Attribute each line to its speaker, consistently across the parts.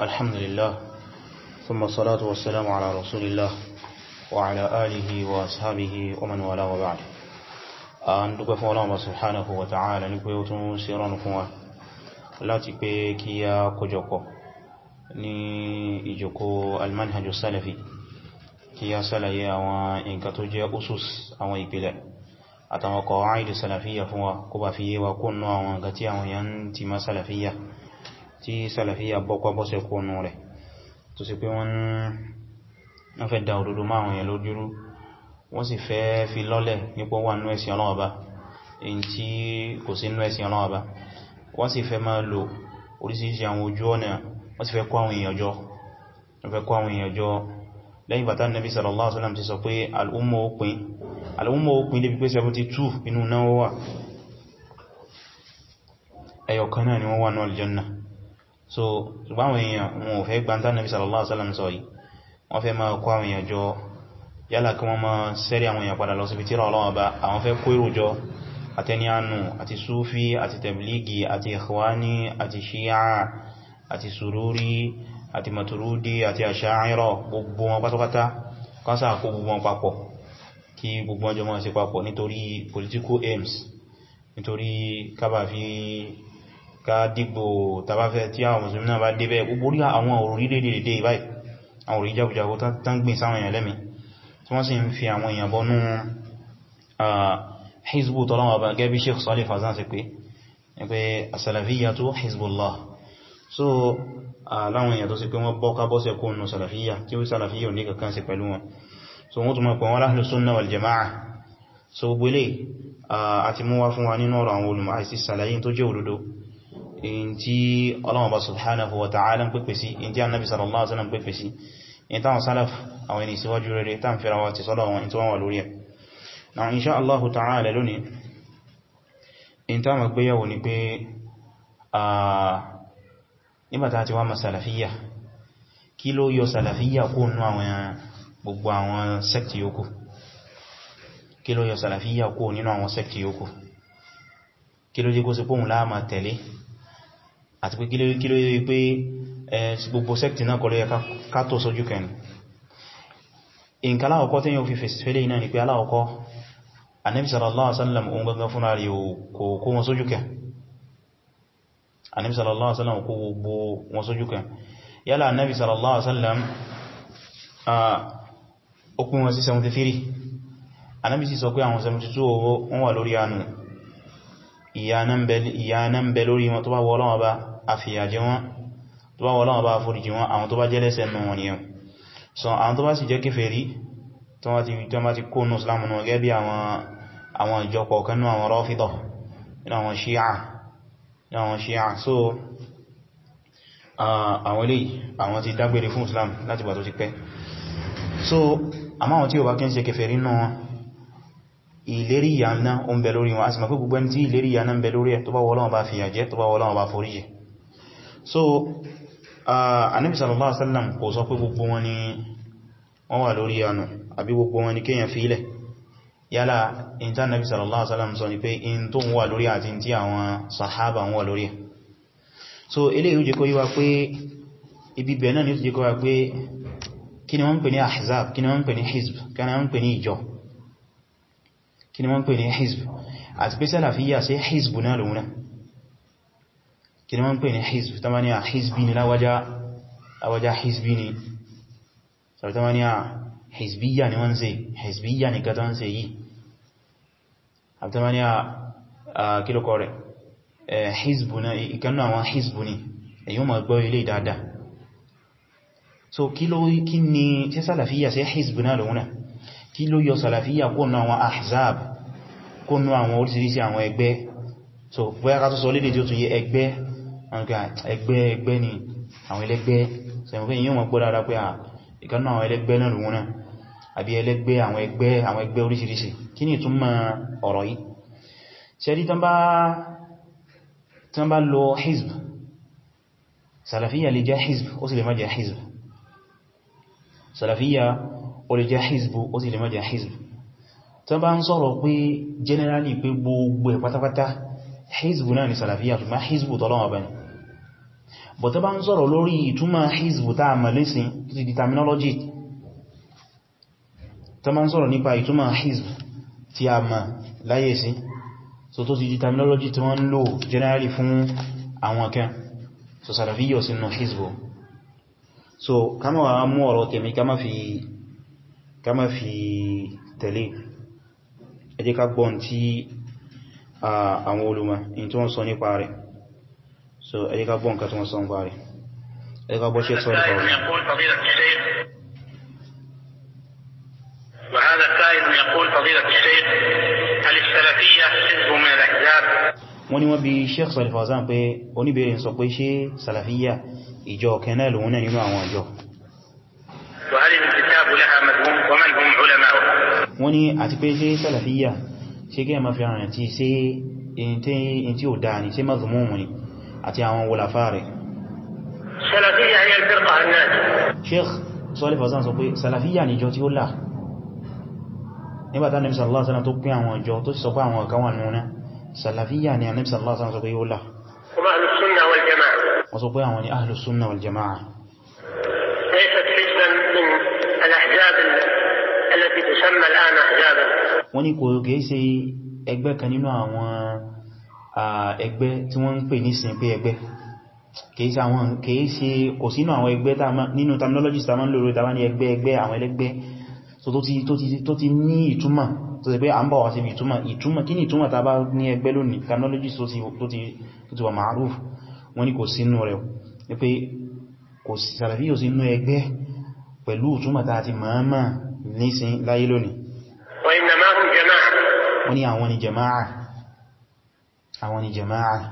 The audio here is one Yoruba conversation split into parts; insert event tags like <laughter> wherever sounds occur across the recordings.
Speaker 1: الحمد لله ثم الصلاة والسلام على رسول الله وعلى آله وأصحابه ومن والاه وبعد أن دوكو فون الله سبحانه وتعالى ní pé ó tún ṣe rán fún wa láti pé kí a kójọpọ̀ ní ìjókòó almanhajus salafi kí a ṣàlàyé àwọn nǹkan tó jẹ́ usus àwọn ìpìlẹ̀ àtàwọn qawaid salafiyya fún wa kó bá fi yé wa kúnnú àwọn nǹkan tí àwọn èèyàn ti ma salafiyya tí sàlàfíyà bọ́kwá bọ́sẹ̀ kónú rẹ̀ tó sì pé wọ́n fẹ́ da òdodo máwọn èèyàn lójúrú wọ́n sì fẹ́ fi lọ́lẹ̀ nípò wà nú ẹ̀sìn Ọlọ́run Ọba tí kò sí nú ẹ̀sìn Ọlọ́run wọ́n sì fẹ́ máa lo oríṣiríṣi àwọn ojú ọ̀nà wọ́n sì fẹ́ kó àwọn èèyàn jọ fẹ́ kó àwọn èèyàn jọ lẹ́yìn bàtà Nabi sallallahu alaihi wasallam ti sọ ẹyọ̀kan náà ni wọ́n wà náà aljanna so ṣùgbọ́n àwọn èèyàn wọn ò fẹ́ gbántá nàbí sallallahu alaihi wasallam sọ yìí wọ́n fẹ́ máa kó àwọn èèyàn jọ yálà kí wọ́n máa sẹ́rí àwọn èèyàn padà lọ sí fitira ọlọ́wọ́ bá àwọn fẹ́ kó ìrùjọ àtẹni ànú àti súfí àti tẹ̀blígì àti ikhwani àti shia àti sururi àti maturudi àti asha'ira political aims nítorí kábà ká dìgbò tàbáfẹ́ tí àwọn mùsùlùmí náà bá dé bẹ́ẹ̀ gbogbo àwọn orílẹ̀-èdè báyìí àwọn orí jagunjagun tán gbìn sáwọn èèyàn lẹ́mí tí wọ́n sì ń fi àwọn èèyàn bọnú hizbu tọ́lọ́wọ́ bá gẹ́bí Sheikh Salih Fawzan sí pé pé as-salafiyyatu hizbullah so láwọn èèyàn tó sì pé wọ́n bọ́ká bọ́sẹ̀ kó nù salafiyya tí ó salafiyya ò ní kankan sí pẹ̀lú wọn so wọ́n tún mọ̀ pé wọ́n àti mú wá fún wa nínú ọ̀rọ̀ àwọn olùmọ̀ àìsí sàlàyé tó jẹ́ òdodo in tí Ọlọ́run Ọba subhanahu wa ta'ala ń pèpè sí in tí annabi sallallahu alaihi wasallam pèpè sí in táwọn salaf àwọn ẹni síwájú rere tán fẹ́ra wa ti sọ́dọ̀ wọn in tó wọ́n wà lórí ẹ̀ na insha allahu ta'ala lónìí in tá ma gbé yàwó ni pé a nígbàtà ti wá ma salafiyya kí ló yọ salafiyya kó nú àwọn gbogbo àwọn sẹ́kì yòókù kí ló yọ salafiyya kó nínú àwọn sẹ́kì yòókù kí ló jẹ́ kó sí pòun láàmà tẹ̀lé àti pé kí ló yẹ pé gbogbo sẹ́kìtì náà kọlọ yẹ ká tó sójú kẹni nǹkan aláwọ̀kọ́ tí yóò fi fèsì fẹ́lẹ̀ iná ni pé aláwọ̀kọ́ Ànábì sallallahu alaihi wasallam òun gangan fún ààrẹ sallallahu alaihi wasallam kò gbogbo wọn sójú kẹ yálà Ànábì sallallahu alaihi wasallam ó pín wọn sí 73 Ànábì sì sọ pé àwọn 72 wọn wà lórí àánú ìyà náà bẹ lórí wọn tó bá wọ́ bá àfìyàjẹ́ wọn tó bá wọ́lọ́wọ́ bá fòríjì wọn àwọn tó bá jẹ́lẹ́sẹ̀ nù wọn nìyàn so àwọn tó bá sì jẹ́ kèfèrí tó bá ti kó nù islam nù gẹ́bí àwọn ìjọpọ̀ kanú àwọn rọ́fídọ̀ àwọn shi'a so àwọn ilé àwọn ti dágbére fún islam láti bà tó ti pẹ́ so àmáwọn tí ó bá kí ń ṣe kèfèrí nù wọn ìlérí ìyà náà ó ń bẹ lórí wọn a sì mọ̀ pé gbogbo ẹni tí ìlérí ìyà ń bẹ lórí ẹ̀ tó bá wọ́lọ́wọ́ bá fìyà tó bá wọ́lọ́wọ́ bá foríjì so uh, Ànábì sallallahu alaihi wasallam kò sọ pé gbogbo wọn ni wọ́n wà lórí àánú àbí gbogbo wọn ni kéèyàn fi ilẹ̀ yálà in tí Ànábì sallallahu alaihi wasallam sọ ni pé in tó ń wà lórí àti in sahaba ń wà lórí so eléyìí ó jẹ́ kó yíwa pé ibi bẹ̀ náà ni ó jẹ́ kó yíwa pé kí ni wọ́n ń pè ní ahzab kí ni wọ́n ń pè ní ni wọ́n ń pè ní ni wọ́n ń pè ní hizb àti pé hizb náà lòun náà kí ni wọ́n ń pè ní hizb tó máa ní à hizbi ni láwájá hizbi ni sọ̀rọ̀ tó máa ní à hizbiya ni wọ́n ń ṣe hizbiya ni gata ń ṣe yìí àbí tó máa ní à kílùkọ rẹ̀ hizbu na ìkannu àwọn hizbu ni èyí o gbọ́ ilé dáadáa so kí ló kí ni ṣe sàlàfíyà sí hizbu náà lòun náà kí ló yọ sàlàfíyà kónú àwọn ahzab kónú àwọn orísìírísìí àwọn ẹgbẹ́ so bóyá ká tó sọ lédè tí ó tún yẹ ẹgbẹ́ ẹgbẹ́ ẹgbẹ́ ni àwọn ẹlẹ́gbẹ́ sẹ̀mọ̀fẹ́ yíò mọ̀ gbọ́dá ara pé à ìkanú àwọn ẹlẹ́gbẹ́ náà lòun náà àbí ẹlẹ́gbẹ́ àwọn ẹgbẹ́ àwọn ẹgbẹ́ oríṣiríṣi kí ni ìtumọ̀ ọ̀rọ̀ yìí tán bá lo hizb salafiyya lè jẹ́ hizb ó sì má jẹ́ hizb salafiyya ó hizb ó sì hizb tán bá ń generally pé gbogbo ẹ̀ pátápátá hizb náà ni salafiyya ṣùgbọ́n hizb tọ́lọ́wọ́ bẹni but bá ń sọ̀rọ̀ lórí ìtumọ̀ hizbu ta àmàlẹ́sìn tó ti di terminology tó bá ń sọ̀rọ̀ nípa ìtumọ̀ hizbu tí a ma láyé sí so tó ti di terminology tí wọ́n ń lò generally fún àwọn kan so sàràfíyọ̀ sínú hizbu so kama wa mú ọ̀rọ̀ tèmi kama fi kama fi tẹ̀lé ẹjẹ́ ká gbọ́n tí àwọn olùmọ̀ in so ẹni ká gbọ́n kàtún wọ́n sọ ń bá rí ẹni ká gbọ́ ṣe sọ nípa wọn
Speaker 2: يقول فضيلة الشيخ هل السلفية من الأحزاب
Speaker 1: wọ́n ni wọ́n bí Sheikh Saalih Al Fawzān pé oníbèèrè sọ pé ṣe sàlàfíyà ìjọ kẹ́nà lòun náà nínú àwọn ìjọ wọ́n ni àti pé ṣe sàlàfíyà ṣe kí ẹ ma fi tí ṣe èyí tí ó dáa ní ṣe mazmum ni àti àwọn wòlàfà rẹ̀ sheikh sọ́lẹ̀ fàzán sọ pé salafiyya ni ìjọ tí ó là nígbàtà Nabi sallallahu alaihi wasallam tó pín àwọn ìjọ tó sì sọ pé àwọn ọ̀káwà nuna salafiyya ni Nabi sallallahu alaihi wasallam sọ pé yóò là wọ́n sọ pé àwọn ni ahlus sunnah wal jama'a wọ́n ni kò gẹ́ sí ẹgbẹ́ kan nínú àwọn ẹgbẹ́ tí wọ́n ń pè nísìn pé ẹgbẹ́ kò sínú àwọn ẹgbẹ́ nínú terminologies ta ma ń lò rí tàbí ẹgbẹ́ ẹgbẹ́ àwọn ẹlẹ́gbẹ́ tó ti ní ìtumọ̀ tó ti pé à ń bọ̀ wá sí ìtumọ̀ ìtumọ̀ kí ni ìtumọ̀ ta bá ní ẹgbẹ́ lónìí terminologies tó ti wà ma'ruf wọ́n ni kò sínú rẹ̀ ní pé kò sàrẹ̀fí ò sínú ẹgbẹ́ pẹ̀lú ìtumọ̀ ta ti mọ̀ọ́mọ̀ nísìn láyé àwọn ni jama'a àwọn ni jama'a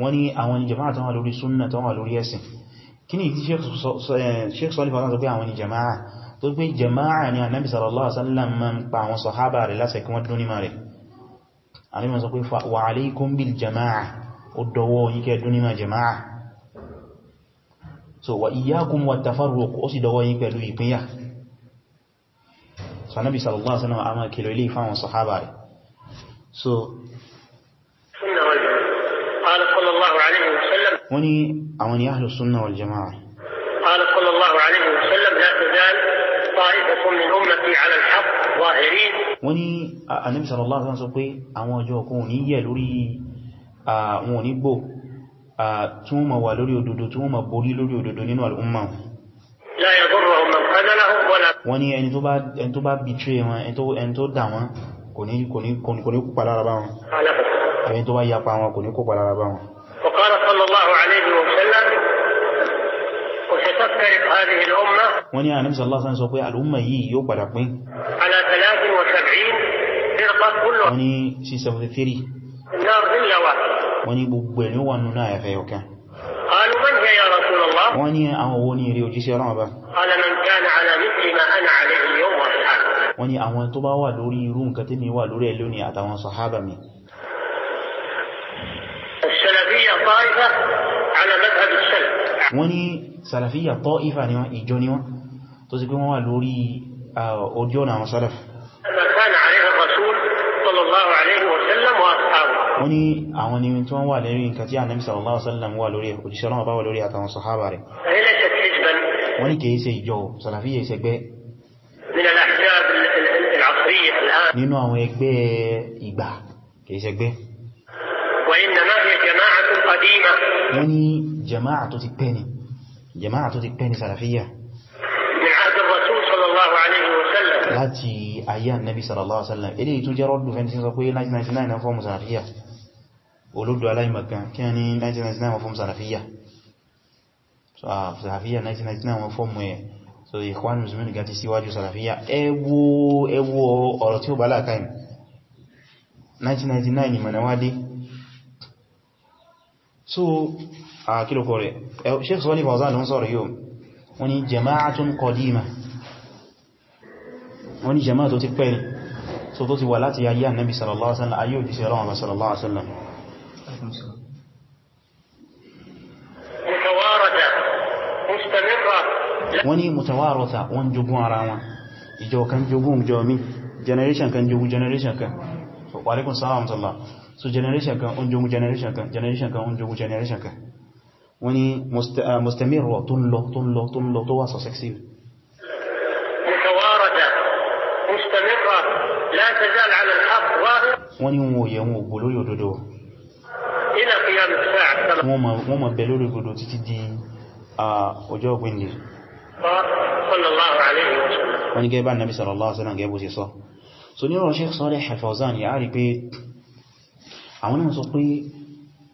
Speaker 1: wọ́n ni àwọn ni jama'a tán wà lórí súnnà tán wà lórí ẹ̀sìn kí ni tí sheikh sọ́lífà náà sọ pé àwọn ni jama'a tó pé jama'a ni annabi sallallahu alaihi wasallam ma ń pa àwọn sọ̀hábà rẹ̀ lásẹ̀ kí wọ́n dún ní ma rẹ̀ alimọ̀ sọ pé wa alaikum bil jama'a ó dọwọ́ yíkẹ́ dún ní ma jama'a so wa iyyakum wa tafarruq ó sì dọwọ́ yín pẹ̀lú ìpínyà so anábi sallallahu alaihi wasallam a máa kìlọ̀ ilé sahaba rẹ̀ so wọ́n ni àwọn ni ahlus sunna wal jama'a wọ́n ni anábi sallallahu alaihi wasallam sọ pé àwọn ọjọ́ ọkùn ò ní yẹ̀ lórí àwọn onígbò tí wọ́n ma wà lórí òdodo tí wọ́n ma borí lórí òdodo nínú al'umma wọ́n ní ẹni tó bá betray wọn ẹni tó dà wọn kò ní kópa lára bá wọn ẹni tó bá yapa wọn kò ní kópa lára bá wọn wọ́n ní àníbìsà lásán sọ pé al'umma yìí yóò padà pín wọ́n ní 673 wọ́n ní gbogbo ẹ̀ ní wà nínú àyàfẹ́ ọ̀kan wọ́n ní àwọn owó ní eré òjíṣẹ́ ọlọ́wọ́ wọ́n ní àwọn tó bá wà lórí irú nǹkan tí mi wà lórí ẹ̀ lónìí àtàwọn sàhábà mi wọ́n ní sàlàfíyà taifa ni wọ́n ìjọ ni wọ́n tó sì pé wọ́n wà lórí ojú ọ̀nà àwọn sálàf wọ́n ní àwọn ni tí wọ́n wà lórí nǹkan tí Ànábì sallallahu alaihi wasallam wà lórí wọ́n ìjọ nínú àwọn ẹgbẹ́ ìgbà kìí ṣẹgbẹ́ wọ́n ní jama'a tó ti pẹ́ ni jama'a tó ti pẹ́ ni salafiyya láti ayé annabi sallallahu alaihi wasallam ilé ìtún jẹ́ rọ́dù fẹ́ntí sọ pé 1999 na fọ́mù salafiyya olóòdó aláìmọ̀kan kí 1999 wọ́n fọ́mù salafiyya a ah, salafiyya 1999 wọ́n fọ́mù ẹ̀ so ikhwan muslimin gan ti síwájú salafiya ẹwọ ẹwọ ọ̀rọ̀ tí ó bá láàká ìmù 1999 ìmọ̀nàwádé so a kílòkọ̀ rẹ̀ sheikh sọ́lì fawzan ló ń sọ̀rọ̀ yóò wọ́n ni jama'atun qadima wọ́n ni jama'a tó ti pẹ́ ni so tó ti wà láti ayé annabi sallallahu alaihi wasallam ayé sallallahu
Speaker 2: alaihi
Speaker 1: wọ́n ní mutawarata wọ́n jogún ara wọn ìjọ kan jogún ìjọ mi generation kan jogún generation kan so wa alaikum salam tala so generation kan on jogún generation kan generation kan on jogún generation kan wọ́n ní ah, mustamiro tó lọ tó lọ tó lọ tó wà successive wọ́n ní wọn òye wọn ògbò lórí òdodo wọ́n ma bẹ̀ lórí òdodo títí di ah, ọjọ́ ọgbìnlẹ̀
Speaker 2: wọ́n ní gẹ́bà nàbí sallallahu
Speaker 1: alaihi wasallam gẹ́bù sí sọ so ní ọ̀rọ̀ Shaykh Saalih Al Fawzān yà rí pé àwọn náà sọ pé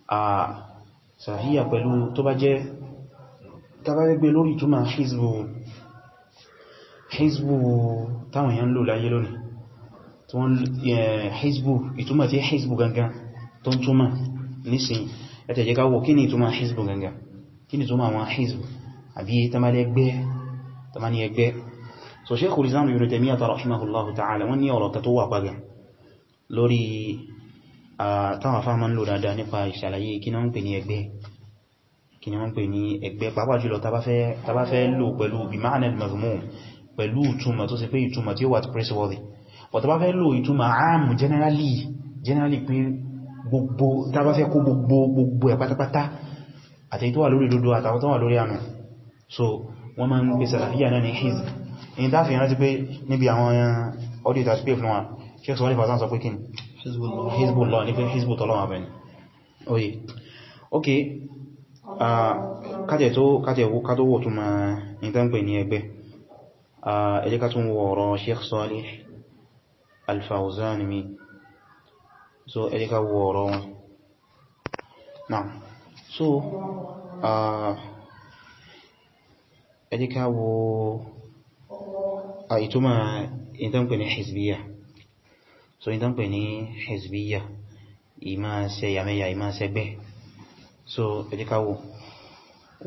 Speaker 1: à sàhíyà pẹ̀lú tó bá jẹ́ tàbágbé lórí túnmà hizbu hizbu táwọn èèyàn lò láyé lónìí tí wọ́n hizbu ìtúmà tí hizbu gangan tó ń túnmà nísìn ẹ̀tẹ̀jẹ́ káwọ̀ tàbí ní ẹgbẹ́ so Shaykhul Islam Ibn Taymiyyah rahimahullahu ta'ala wọ́n ní ọ̀rọ̀ kan tó wà pàgà lórí táwọn fáwọn ń lò dáadáa nípa ìṣàlàyé kí wọ́n ń pè ní ẹgbẹ́ kí ni wọ́n pè ní ẹgbẹ́ pàápàá jùlọ tá bá fẹ́ lò pẹ̀lú bima'na al-madhmum pẹ̀lú ìtumọ̀ tó sì pé ìtumọ̀ tí ó wà ti praiseworthy but tá bá fẹ́ lò ìtumọ̀ so wọ́n ma ń pè sàlàfíà náà ní hizb èyí dáfì rántí pé níbi àwọn auditors pay fún wa sheikh sọ́lẹ̀ fàzán sọ pé kí hizbullah ní pé hizbu tọ́lọ́wà bẹ̀ni oye ok kájẹ̀ tó kájẹ̀ wó ká tó wò tún ma ní tán pè ní ẹgbẹ́ ẹ jẹ́ ká tún wò ọ̀rọ̀ sheikh sọ́lẹ̀ al-Fawzan mi so ẹ jẹ́ ká wò ọ̀rọ̀ wọn so uh, ẹ jẹ́ ká wo ìtumọ̀ ìtànpẹ̀ ní hizbiyya so ìtànpẹ̀ ní hizbiyya ìmá ṣe yàmẹ́yà ìmá ṣẹgbẹ́ so ẹ jẹ́ ká wo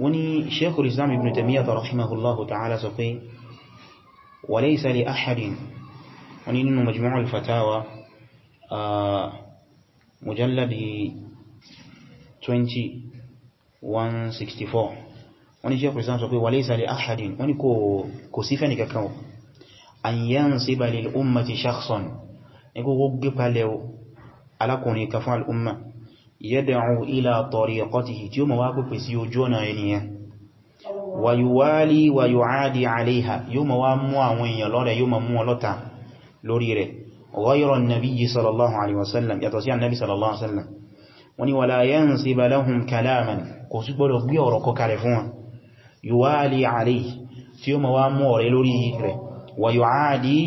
Speaker 1: wọ́n ní shaykhul islam ibn taymiyyah rahimahullahu ta'ala sọ pé wa laysa li ahadin wọ́n ní nínú 164 wọ́n ni sheikh islam sọ pé walaysa li ahadin wọ́n ni kò sí fẹ́ nìkankan an yansiba lil ummati shakhsan ní gbogbo gbé palẹ̀ alákùnrin kan fún al'umma yad'u ila tariqatihi tí ó ma wá pèpè sí ojú ọ̀nà ènìyàn wa yuwali wa yu'adi alayha yóò ma wá mú àwọn èèyàn lọ́rẹ̀ yóò ma mú ọlọ́ta lórí kò sí gbọ́dọ̀ gbé ọ̀rọ̀ kọkalẹ̀ fún wọn yuwali alayhi tí ó ma wá mú ọ̀rẹ́ lórí rẹ̀ wa yuadi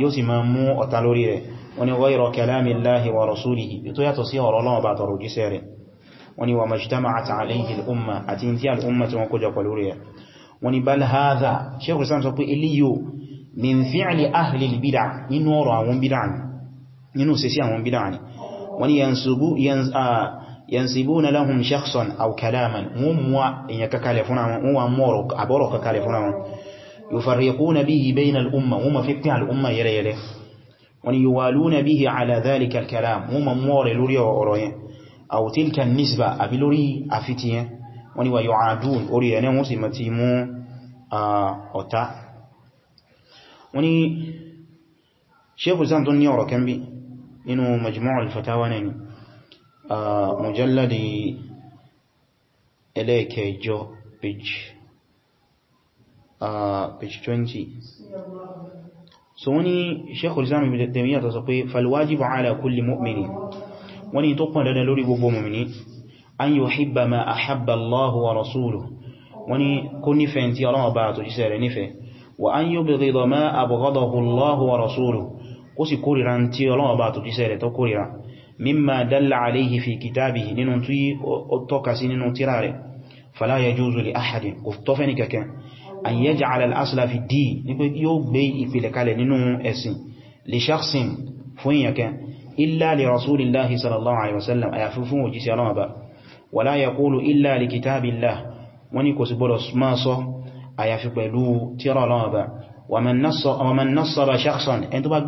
Speaker 1: yóò sì ma mú ọ̀tá lórí rẹ̀ wọ́n ni ghayra kalamillahi wa rasulihi tó yàtọ̀ sí ọ̀rọ̀ Ọlọ́run bá tọrọ jíṣẹ́ rẹ̀ wọ́n ni wa majtama'at alayhi al ينسبون لهم شخصا أو كلاما مو إنك كالفون مو مورك أبورك كالفون يفرقون به بين الأمة هم في بتاع الأمة يري يري ويوالون به على ذلك الكلام هم مور لوري وأوري أو تلك النسبة أبلوري أفتي ويعادون أوري أنا مسلمتي مو آه، أوتا وني شيخ سانتون نيورو إنه مجموع الفتاوى mujalladi ẹlẹ́ẹ̀kẹjọ page page 20 so wani sheikhul islam ibn taymiyyah ta sọ pé falwajibu ala kulli mu'mini wani tó pọn dandan lórí gbogbo mu'mini an yuhibba ma ahabba allahu wa rasuluhu wani kó nífẹ̀ẹ́ tí ọlọ́wọ́ bá àtòjíṣẹ́ rẹ̀ nífẹ̀ẹ́ wa an yubghida ma abghadahu Allahu wa rasuluhu kó sì kórìíra tí Ọlọ́run bá tó jíṣẹ́ rẹ̀ tó kórìíra mimma dalla alayhi fi kitabihi nínú tí ó tọ́ka sí nínú tírà rẹ̀ fala yajuzu li ahadin kò tọ́ fẹ́ni kẹ̀kẹ́ an yaj'ala al-asla fi ad-din ní pé yóò gbé ìpìlẹ̀ kalẹ̀ nínú ẹ̀sìn li shakhsin fún ìyàkẹ́ illa li rasulillahi sallallahu alaihi wasallam àyàfi fún òjíṣẹ́ ọlọ́wọ́ ba wala yaqulu illa li kitabillah wọ́n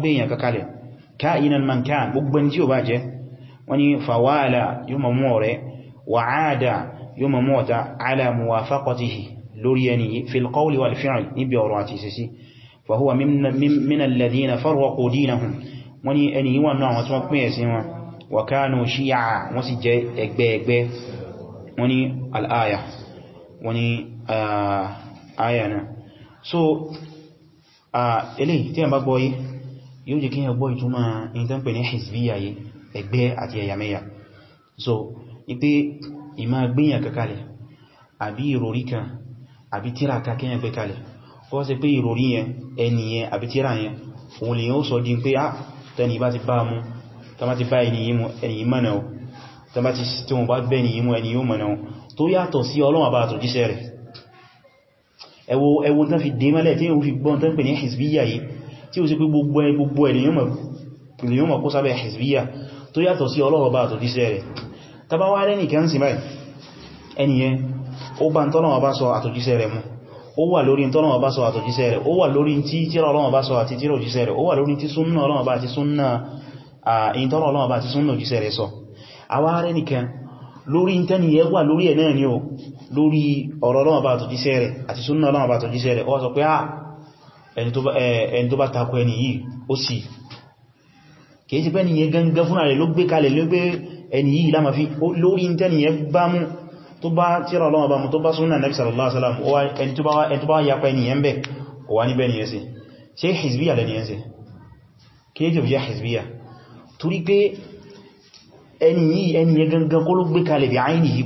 Speaker 1: ni kò man kan gbogbo ẹni tí ó bá jẹ́ wọ́n ni fàwàlà yóò mọ̀ mọ́ rẹ̀ wà áàdà yóò mọ̀ mọ́ ọ̀ta ala muwafaqatihi lórí ẹni fil qawli wal fi'li níbi ọ̀rọ̀ àti ìsẹsí fahuwa min alladhina farraqu dinahum wọ́n ni ẹni yíwa náà wọ́n tí wọ́n ẹgbẹ́ àti ẹ̀yàmẹ́yà so ipé ìmá gbíyàn kakalẹ̀ àbí ìròrí kan àbí tíra kakíyàn gbé kalẹ̀ kọ́ sí pé ìròrí yẹn ẹni yẹn àbí tíra yẹn òun lè yẹn ó sọ di pé ah tẹni bá ti bá mú tàbá ti bá ẹni yìí mú ẹni yìí mọ̀nà tàbá ti tí wọ́n bá bẹ́ni yìí mú ẹni yìí mọ̀nà tó yàtọ̀ sí Ọlọ́run bá tó jíṣẹ́ rẹ̀ ẹwọ mọ̀ kó sábẹ̀ hizbíyà tó yàtọ̀ sí Ọlọ́run Ọba àtọ̀ díṣẹ́ rẹ̀ tàbá wá rẹ̀ nìkan sí báyìí ẹniyẹn ó bá t'Ọlọ́run Ọba sọ àtòjíṣẹ́ rẹ̀ mu ó wà lórí t'Ọlọ́run Ọba sọ àtòjíṣẹ́ rẹ̀ ó wà lórí tí tírà Ọlọ́run Ọba sọ àti tírà òjíṣẹ́ rẹ̀ ó wà lórí tí súnnà Ọlọ́run Ọba àti súnnà èyí t'Ọlọ́run Ọba àti súnnà òjíṣẹ́ rẹ̀ sọ àwa rẹ̀ nìkan lórí tẹ́niyẹ wà lórí ẹ̀ kìí sí pé ní yẹ gangan fún ààrẹ ló gbé kalẹ̀ ló gbé ẹni yìí láma fi lórí tẹ́ni yẹ bá mú tó bá tíra ọlọ́wọ́ bá mú tó bá súnnà Nabi sallallahu alaihi wasallam ẹni tó bá yapa ẹni yẹn bẹ̀ kò wá níbẹ̀ ni yẹn sí ṣe hizbiya lẹ́ni yẹn sí kìí jẹ́ jẹ́ hizbiya torí pé ẹni yìí ẹni yẹ gangan kó ló gbé kalẹ̀ bí àìní yìí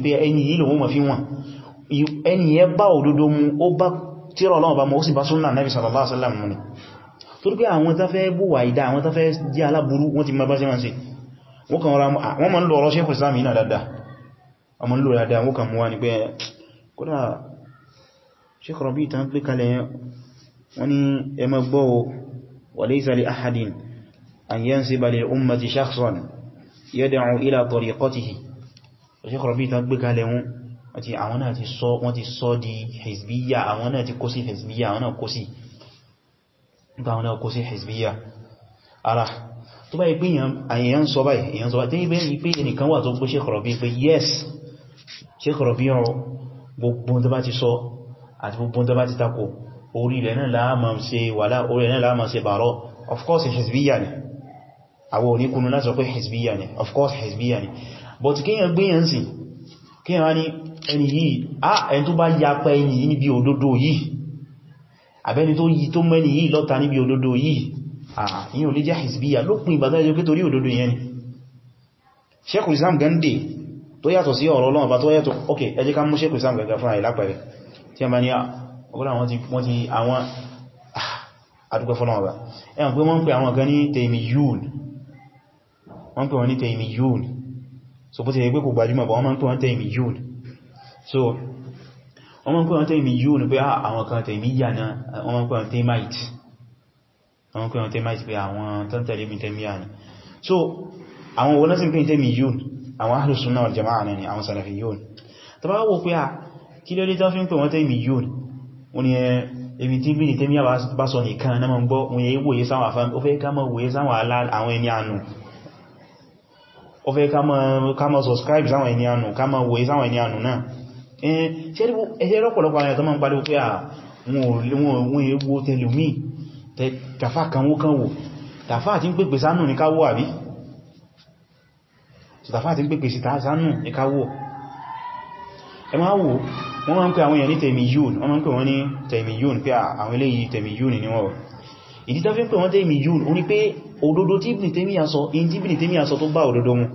Speaker 1: pé bá òdodo mu ó bá tíra ọlọ́wọ́ bá mú ó sì bá súnnà Nabi sallallahu torí pé àwọn tó fẹ́ búwà ìdá àwọn tó fẹ́ jẹ́ aláburú wọ́n ti mọ́bá sí wọ́n sí wọ́n kàn ah, wọ́n ma ń lò ọ̀rọ̀ ṣe fòsìlámì iná dáadáa ọmọ ń lò dáadáa wọ́n kàn mú wá ní pé kódà ṣe kọ̀rọ̀ bí ìtàn pé kalẹ̀ wọ́n ni ẹ má gbọ́ o wa laysa li nípa àwọn ọkọ̀ sí hezbollah ara tó bá ipé àyíyàn sọ báyìí èyàn sọ báyìí tí ibẹ̀ ipé ẹnìkan wà tó gbé Sheikh pé yes Sheikh Rabi ọ̀rọ̀ gbogbo tó bá ti sọ àti gbogbo tó bá ti tako orí ilẹ̀ náà láàmà ṣe wàlá láàmà ṣe bàárọ̀ of course hezbollah ni àwọn oníkunu láti of course hezbollah but kíyàn gbé yẹn sí kíyàn wá ní ẹni yìí ah ẹni tó bá yapa ẹni àbẹ́ni tó yí tó mẹ́ni yìí lọ́ta níbi òdodo yìí àyíò lè jẹ́ hizbiyya lópin ìbàdá ẹjọ́ pé torí òdodo yẹn ni Sheikhul Islam gandhi tó yàtọ̀ sí ọ̀rọ̀ Ọlọ́run bá tó yàtọ̀ ok ẹ jẹ́ ká mú Sheikhul Islam gẹ̀gẹ̀ fún àìlápẹ̀rẹ̀ tí a bá ní ọgbọ́n àwọn ti àwọn àdúgbẹ́ fọ́lọ́wọ́ bá ẹ̀wọ̀n pé wọ́n pè àwọn gan ní Taymiyun wọ́n pè wọ́n ní ti wọ́n mọ́ pé ah, wọ́n tẹ́mì yíò ní pé àwọn kan tẹ́mì yà náà wọ́n mọ́ pé wọ́n tẹ́mìtì wọ́n pé wọ́n pé àwọn tán tẹ̀lé mi tẹ́mì yà ní so àwọn wọ́n lọ́sìn pé tẹ́mì yíò àwọn ahlus sunnah wal jama'a náà ni àwọn salafiyyun tó bá wò pé à ah, kí ló dé tán fi ń pè wọ́n tẹ́mì yíò wọ́n eh, ni ebi tí bí ní tẹ́mì yà bá sọ nìkan náà mọ́ gbọ́ wọ́n yẹ wòye sáwọn àfáàmì ó fẹ́ ká mọ́ wòye sáwọn àwọn ẹni ànù ó fẹ́ ká mọ́ subscribe sáwọn ẹni ànù ká mọ́ wòye sáwọn ẹni ànù náà ẹ̀ṣẹ́ rọ́pọ̀lọpọ̀ àyàtọ́ ma ń pariwo pé àwọn ewu tẹlùmí tàfà kan wó kan wò tàfà àti ń pèpè sánú ní káwọ́ àbí tàfà àti ń pèpè sí sánú ní káwọ́ ẹ máa wò wọ́n máa ń pè àwọn èèyàn ní tẹ̀míyún wọ́n máa ń pè wọ́n ní tẹ̀míyún pé àwọn eléyìí tẹ̀míyún ni wọ́n ìdí tá fi ń pè wọ́n tẹ̀míyún ó ní pé òdodo tí Ibn Taymiyyah sọ in tí Ibn Taymiyyah sọ tó bá òdodo mu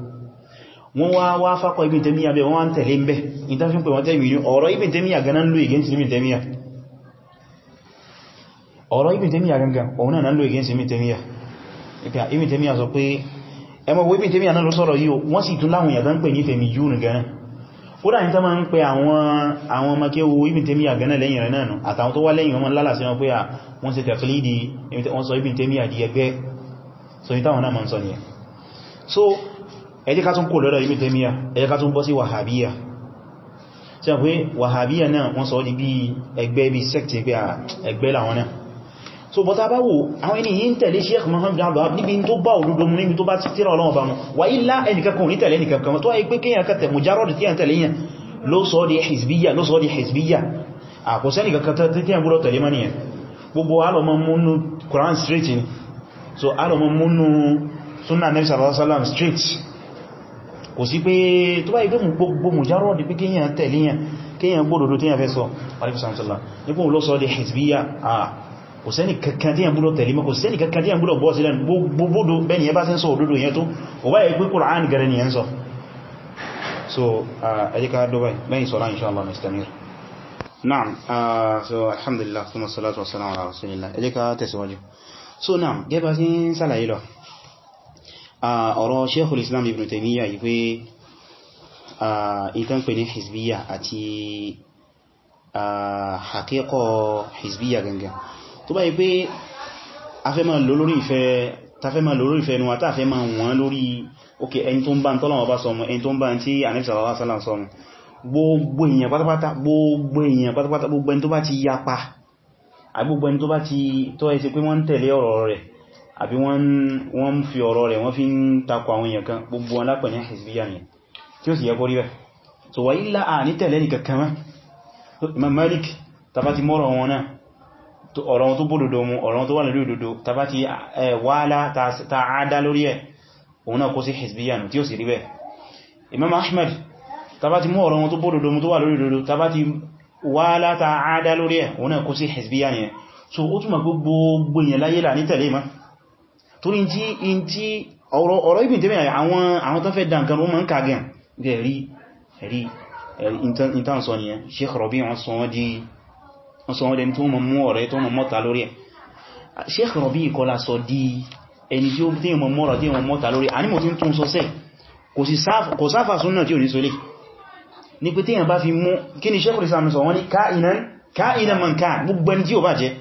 Speaker 1: wọ́n wá wá fákọ̀ Ibn Taymiyyah bẹ́ wọ́n wá ń tẹ̀lé ń bẹ́ ìtàfin pè wọ́n tẹ́mì ní ọ̀rọ̀ Ibn Taymiyyah gan ń lò against Ibn Taymiyyah ọ̀rọ̀ Ibn Taymiyyah gangan òun náà ń lò against Ibn Taymiyyah Ibn Taymiyyah sọ pé ẹmọ wo Ibn Taymiyyah náà ló sọ̀rọ̀ yìí wọ́n sì tún láwọn yàtọ̀ ń pè ní fèmí jù nù gan kódà ní tánmà ń pè àwọn ọmọ di wọ́n sọ Ibn so ní táwọn so ẹ jẹ́ ká tún kó lọ́dọ̀ Ibn Taymiyyah ẹ jẹ́ ká tún bọ́ sí wàhábíyà tí a pé wàhábíyà náà wọ́n sọ di bí ẹgbẹ́ bí sẹ́kì ah, ẹgbẹ́ làwọn náà so bọ́ ta bá wò àwọn ẹni yìí ń tẹ̀lé Sheikh Muhammad bin Abdul níbi tó bá òdodo mu níbi tó bá títí rọ̀ lọ́wọ́ bá mu wà ilá ẹnìkan kò ní tẹ̀lé ẹnìkan kan tó wáyé pé kíyàn kẹtẹ̀ mujarrad tí yàn tẹ̀lé yàn ló sọ so alọ́mọ múnú sunnah Nabi sallallahu alaihi wasallam straight kò sí pé tó bá igbe gbogbo mùjárọ̀ di pé kíyàn tẹ̀líyàn kíyàn gbódòdó tí yàn fẹ́ sọ alẹ́kùsánsọ́lá nípò ló sọ di hizbiya àà kò sẹ́ni kankan tí yàn gbọ́dọ̀ tẹ̀lé mọ́ kò sẹ́ni kankan tí yàn gbọ́dọ̀ bọ́ sílẹ̀ gbogbo bẹ́ni yẹn bá sí ń sọ òdodo yẹn tó ò bá yẹ pé Kùránì gẹ̀rẹ̀ ni yẹn so ẹjíká dubai lẹ́yìn sọ́lá inṣáàlá mustamir naam so alhamdulillah kuma salatu wasu ala rasulillah ẹjíká tẹ̀síwájú so naam gẹ́bà sí ń sálàyé lọ ọ̀rọ̀ sheikhul islam ibn taimiyya yìí pé ìtàn pè ní hizbiyya àti hakíkọ̀ hizbiyya gangan tó bá yìí pé afẹ́ ma lò lórí ìfẹ́ tafẹ́ ma lò lórí ìfẹ́ ẹnu àtàfẹ́ ma wọ́n lórí ok ẹni tó ń bá ń tọ́lọ̀wọ́ bá sọmọ ẹni tó ń bá ń tí ànífisàwọ́ sálàm sọmọ gbogbo àbí wọ́n ń fi ọ̀rọ̀ rẹ̀ wọ́n fi ń takọ àwọn èèyàn kan gbogbo wọn lápẹ̀ ní hizbiyya ni tí ó sì yẹ kó rí bẹ̀ so wà ilá à ní tẹ̀lé ní kankan mẹ́ Imam Malik tàbá ti mọ́rọ̀ wọn náà ọ̀rọ̀ wọn tó bódodo mu ọ̀rọ̀ wọn tó wà lórí òdodo tàbá ti wálá ta àádá lórí ẹ̀ òun náà kó so ó túnmọ̀ gbogbo èèyàn là ní tẹ̀lé mọ́ torí in tí ọ̀rọ̀ Ibn Taymiyyah àwọn tó fẹ́ dánkan ló ma ń kàgẹ̀ rí rí ìtàn sọ nìyẹn Sheikh Rabi' wọ́n sọ wọ́n dẹni tó mọ̀ mú ọ̀rẹ́ tó mọ̀ mọ́ta lórí ẹ̀ Sheikh Rabi' kọlá sọ di ẹni tí ó tí mọ̀ mọ́ra tí mọ̀ mọ́ta lórí ànímọ̀ tí ń tún sọ sẹ́ kò sáfà súnnà tí ò ní sólé ní pé tí èyàn bá fi mú kí ni Sheikh Rabi' sọ wọ́n ní káìnan man káà gbogbo ẹni tí ó bá jẹ́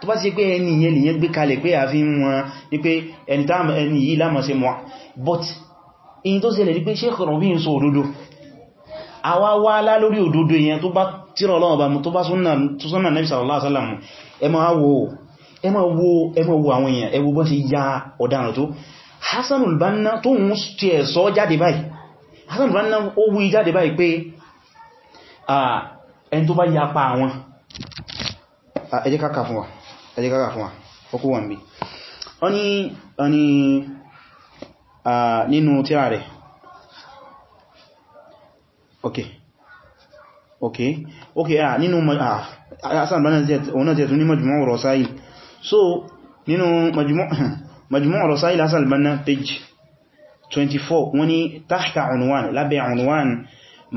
Speaker 1: tó bá sí pé ẹni ìyẹn lè yẹ gbé kalẹ̀ pé a fi ń wọn ní pé ẹni táàmù ẹni yìí lámọ̀ sí mọ́ but in tó ṣẹlẹ̀ ní pé Sheikh Rabi ń sọ òdodo àwa wá lá lórí òdodo yẹn tó bá tírà Ọlọ́run bá mu tó bá súnà Nabi sallallahu alaihi wasallam ẹ máa ṣe ya ọ̀daràn tó Hassanul Banna tó ń ṣe sọ jáde báyìí Hassanul Banna ó wí jáde báyìí pé ẹni tó bá yapa àwọn ẹ jẹ́ fún wa ẹjẹ́ kára fún wa ọkú wọn bí wọ́n ni nínú tí a rẹ̀ ok ok ok ah nínú asan bá náà jẹ́ tún so nínú majmu' <clears throat> rasail asan bá náà page 24 wọ́n ni tahta unwan lábẹ́ unwan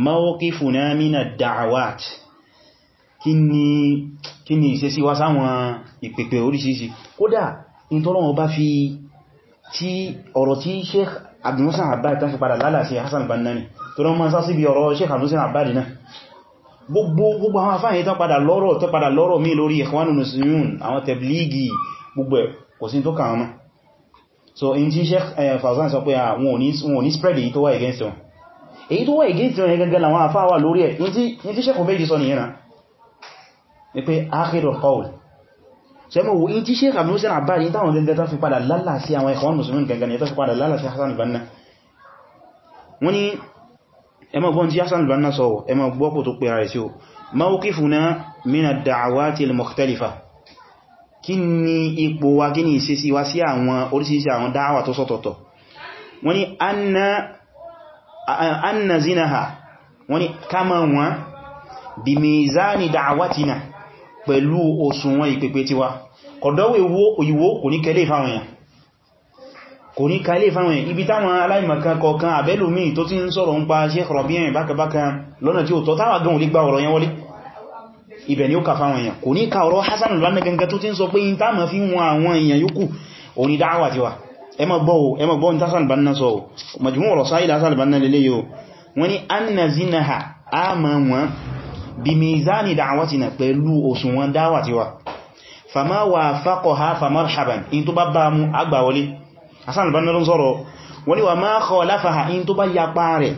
Speaker 1: mawqifuna min ad kí ni ìṣesí wa sáwọn ìpèpè oríṣiríṣi kódà in tọ́lọ́wọ́ bá fi tí ọ̀rọ̀ tí Sheikh Abdul Muhsin tán fi padà lálàsí Hassan Bandani tó rán mọ́ sásí bí ọ̀rọ̀ Sheikh Abdul Muhsin Abbad náà gbogbo gbogbo àwọn afáyẹ̀ tán padà lọ́rọ̀ tán padà lọ́rọ̀ mí lórí so in tí Sheikh eh, Fawzan sọ pé àwọn ah, spread èyí against wọn èyí tó against wọn gẹ́gẹ́ làwọn afáwà lórí ẹ̀ in tí Sheikh obéjì sọ nìyẹn náà ní pé akhirul qawl ṣe mọ̀ in tí Sheikh Abdul Hussein Abbad ní táwọn gẹ́gẹ́ tó fi padà lálà sí àwọn ikhwan muslimin gẹ́gẹ́ ni tó fi padà lálà sí Hassan al-Banna wọ́n ni ẹmọ gbọ́n tí Hassan al sọ ẹmọ gbọ́pò tó pèrà sí o mawqifuna min kí ni bi mizani da'awatina pẹ̀lú òṣùwọ̀n ìpèpè tiwa kọ̀dọ̀wọ̀ òyìnwó kò ní kẹlé fáwọn èèyàn kò ní kẹlé fáwọn èèyàn ibi táwọn aláìmọ̀kan kọ̀ọ̀kan àbẹ́lòmí tó ti ń sọ̀rọ̀ ń pa Sheikh Rabi' bákabákan lọ́nà tí ó tọ́ táwà gan ò lè gbá ọ̀rọ̀ yẹn wọlé ibẹ̀ ni ó ka fáwọn èèyàn kò ní ka ọ̀rọ̀ Hassan al-Banna gangan tó ti ń sọ pé in táàmà fi wọn àwọn èèyàn yòókù bí mizani da'watina pẹ̀lú òṣùwọ̀n dáwà tiwa fama wa faqaha famarhaban in tó bá bá mú àgbà wọlé Hasan al-Banna ló sọ̀rọ̀ wani wa ma khalafaha in tó bá yapa rẹ̀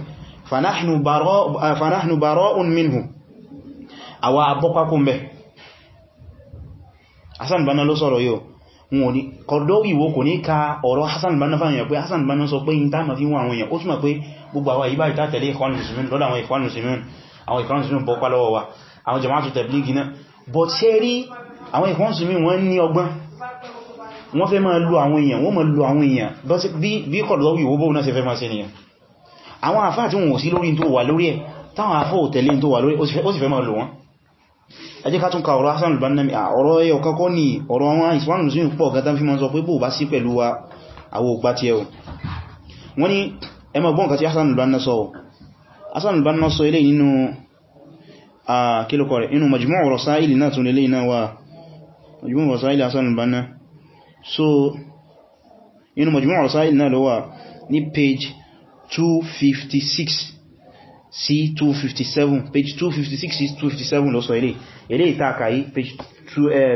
Speaker 1: fanahnu bara'un minhu àwa abọ́kwákún bẹ́ Hasan Banna ló sọ̀rọ̀ yóò wọn ni kọ̀dọ̀ ìwò kò ní ka ọ̀rọ̀ Hasan Banna fáwọn èèyàn pé Hasan Banna gbogbo àwọn ìbá ìtàtẹ̀lé ìkwọ́n lọ́dọ̀ àwọn ìkwọ́n àwọn ìkan sínú bọ́pá lọ́wọ́ wa àwọn jama'atu tablighi náà but ṣe rí àwọn ìkan sí mi wọ́n ní ọgbọ́n wọ́n fẹ́ máa lù àwọn èèyàn wọ́n máa lù àwọn èèyàn bí kọ̀lọ́wọ́ ìwó bóun náà se fẹ́ máa ṣe nìyàn àwọn àfáà tí wọ́n sí lórí tó wà lórí ẹ̀ táwọn àfáà ò tẹ̀lé tó wà lórí ó sì fẹ́ máa lù wọ́n ẹ jẹ́ ká tún ka ọ̀rọ̀ Hassan al-Banna ọ̀rọ̀ ẹyọ kọ́kọ́ ní ọ̀rọ̀ àwọn ìsìwánù sí pọ̀ gátá fi mọ́ sọ pé bó bá sí pẹ̀lú wa àwọ̀ ògbà tí ẹ̀ wọ́n ni ẹmọ̀ gbọ́n kàtí Hassan al-Banna Hasan al-Banna sọ ilé nínú kílùkọ rẹ̀ inú majmu'u rasaili náà tún lè iná wa majmu'u rasaili Hasan al-Banna so inú majmu'u rasaili náà ló wà ní page 256 sí 257 page 256 sí 257 ló sọ ilé ilé ìtàkà yìí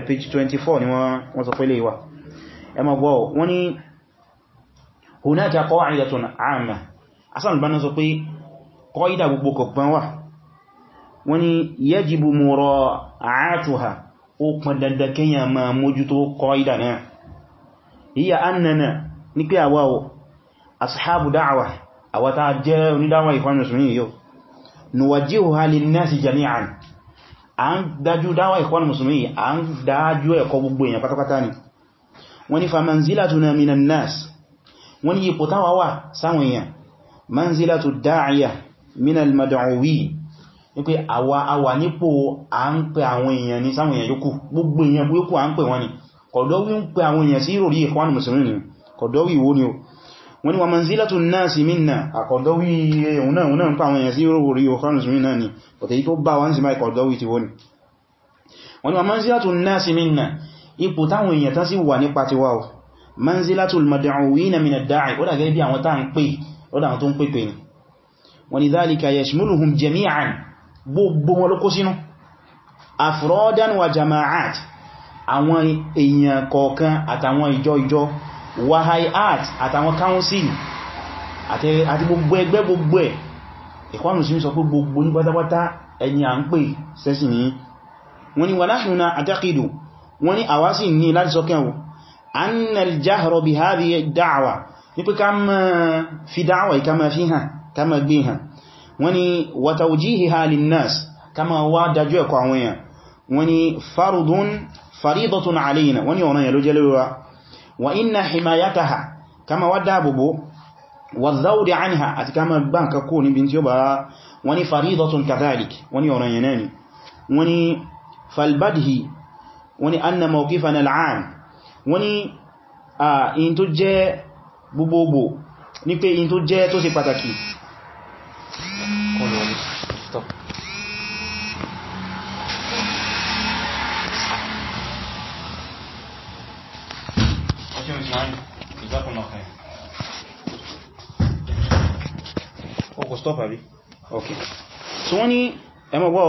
Speaker 1: page 24 ni wọ́n sọ pé ilé wa ẹ ma gbọ́ wọ́n ni hunaka qa'idatun 'amma Hasan al-Banna sọ pé kọ́ídà gbogbo kọ̀kan wà wọ́n ni yajibu mura'atuha ó pọn dandan kíyà ma mójútó kọ́ídà náà hiya annana ní pé àwa o ashabu da'wa àwa ta jẹ́ onídáwà ikhwan muslimin yóò nuwajjihuha linnasi jami'an a ń dájú dáwà ikhwan muslimin a ń dájú ẹ̀kọ́ gbogbo èèyàn pátápátá ni manzilatu da'iya minal mad'uwin ní pé àwa àwa nípò à ń pè àwọn èèyàn ní sáwọn èèyàn yókù gbogbo èèyàn yókù à ń pè wọ́n ni Qaradawi ń pè àwọn èèyàn sí ìròrí Ikhwanul Muslimin ni Qaradawi wo ni o wọ́n ni wa manzilatun nasi minna Qaradawi èèyàn eh, náà ń pè àwọn èèyàn sí ìròrí Ikhwanul Muslimin náà ni ọ̀tẹ̀ yí tó bá wọ́n sì máa Qaradawi ti wọ́n ni ni wa manzilatun nasi minna ipò táwọn èèyàn tán sì wà nípa ti wà manzilatul mad'uwina minad da'i ó dàgẹ́ bí àwọn tá ń pè ó dàwọn tó ń pè pè ni wọ́n ni dhalika yashmuluhum jami'an gbogbo wọn ló kó sínú afrodan wa jama'at àwọn èèyàn kọ̀ọ̀kan àtàwọn ìjọ ìjọ wa hay'at àtàwọn council àti gbogbo ẹgbẹ́ gbogbo ẹ̀ ìkwánù sí sọ pé gbogbo ní pátápátá ẹni à ń pè sẹ́sìn yìí wọ́n ni wa nahnu na'taqidu wọ́n kama gbé hàn wọ́n ni wa tawjihiha linnas kama wá dájú ẹ̀kọ́ àwọn èèyàn wọ́n ni farudun faridatun alayna wọ́n ni ọ̀nà yẹ̀ ló jẹ́ lórí wa wa inna himayataha kama wá dáàbòbò wa zawdi anha àti kama gbá nǹkan kó níbi tí ó bá wọ́n ni faridatun kadhalik wọ́n ni ọ̀nà yẹ̀ náà ni wọ́n ni falbadhi wọ́n ni anna mawqifana al'am wọ́n ni ah, in tó jẹ́ gbogbogbò ní pé in tó jẹ́ tó ṣe pàtàkì
Speaker 2: Kọlu wani. Stop.
Speaker 1: Hocam İsmail, güzel kullanmak ne? Oku stop abi. Okay. So wọ́n ni, ẹmọ gbọ́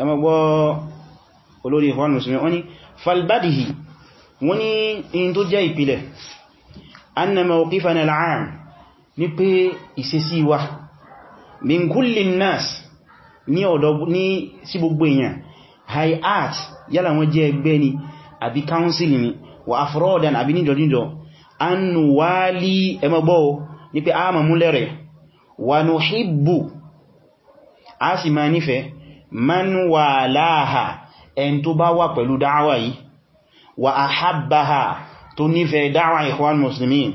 Speaker 1: ẹmọ gbọ́ olórí ìfọ́n musulmi, wọ́n ni, falbadihi, wọ́n ni in tó jẹ́ ìpìlẹ̀, annama mawqifana al'am ní pé ìṣesí wa, min kulli nas ní ọ̀dọ̀ ní sí gbogbo èèyàn hayat yálà wọ́n jẹ́ ẹgbẹ́ ni àbí council ni wa afrodan àbí níjọ níjọ an wali ẹmọgbọ́ ní pé a ma múlẹ̀rẹ̀ wa nuhibbu a sì ma nífẹ́ man walaha ẹn tó bá wà pẹ̀lú dáwà yìí wa ahabbaha tó nífẹ́ dáwà ikhwan muslimin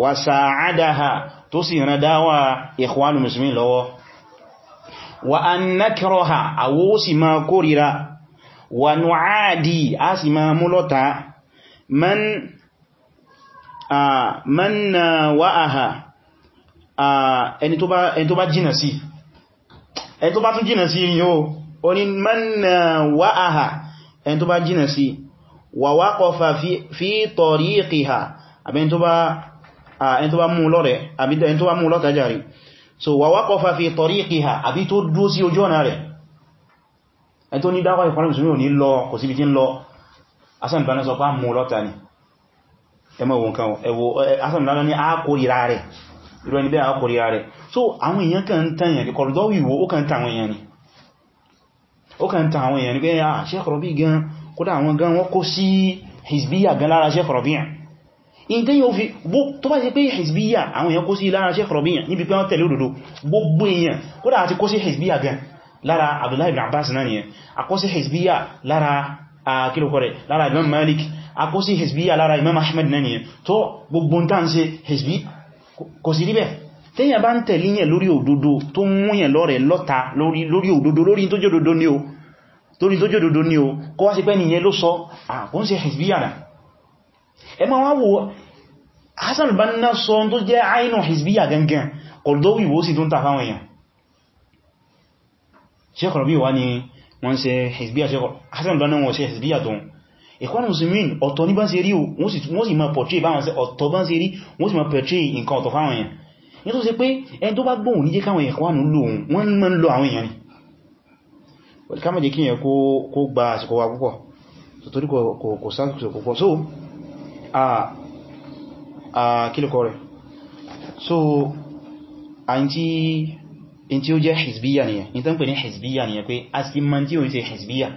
Speaker 1: wa sa'adaha tó sì rán dáwà ikhwanu muslimin lọ́wọ́ wa an nakroha àwó sì ma kórira wa nu'adi a sì ma múlọ́ta man man wa'aha ẹni tó bá jìnà sí ẹni tó bá tún jìnà sí yóò oní man wa'aha ẹni tó bá jìnà sí wa waqafa fi tariqiha àbẹ́ni tó bá Ah, ẹni tó bá mú lọ́rẹ̀ àbí ẹni tó lọ́ta jàrí so wà waqafa fi tariqiha àbí tó dúó sí ojú ọ̀nà rẹ̀ ẹni tó ní dáwà ìfànà musulmi ò ní lọ kò síbi tí ń lọ asàmìbánà sọ pá mú lọ́ta ni ẹmọ̀wọ̀n kan ẹwọ asàmìbánà ní so àwọn kan ni ó kàn ni pé à ah, Sheikh Rabi gan kódà àwọn gan wọ́n kó sí hizbiya gan lára Sheikh Rabi yàn in tẹ́yìn ó fi tó bá jẹ́ pé hezbiya àwọn èèyàn kó sí lára Sheikh Rabi' níbi pé wọ́n tẹ̀lé òdodo gbogbo èèyàn kódà àti kó sí hezbiya gan lára Abdullahi ibn Abbas náà nìyẹn akọ́sí hezbiya Imam Malik akọ́sí hezbiya lára Imam Ahmad náà nìyẹn tó gbogbo ń tàn sí hezbi kò sí níbẹ̀ tẹ́yìn bá ń tẹ̀lé yẹn lórí òdodo tó mú yẹn lọ́rẹ̀ lọ́ta lórí òdodo lórí tó jẹ́ òdodo ní o kó wá sí pé nìyẹn ẹ ma wá wo Hassan al-Banna sọ tó jẹ́ àìnà hizbiyya gangan Qardaawi wó sì tún tàfà wọ̀nyàn Sheikh Rabi wá ní wọ́n ṣe hizbiyya Hassan al-Banna wọ́n ṣe hizbiyya tó Ikhwan Muslimin ọ̀tọ̀ ní bá ń ṣe rí wọ́n sì máa portray báwọn ṣe ọ̀tọ̀ bá ń ṣe rí wọ́n sì máa portray nǹkan ọ̀tọ̀ fáwọn èèyàn ní tó ṣe pé ẹni tó bá gba àsìkò wa púpọ̀ so torí kò sáàkùsọ̀ púpọ̀ so Ah, ah, kílùkọ rẹ̀ so in tí ó jẹ́ hizbiya nìyẹn in tó ń pè ní hizbiya nìyẹn pé a ti mọ̀ tí ó ṣe hizbiya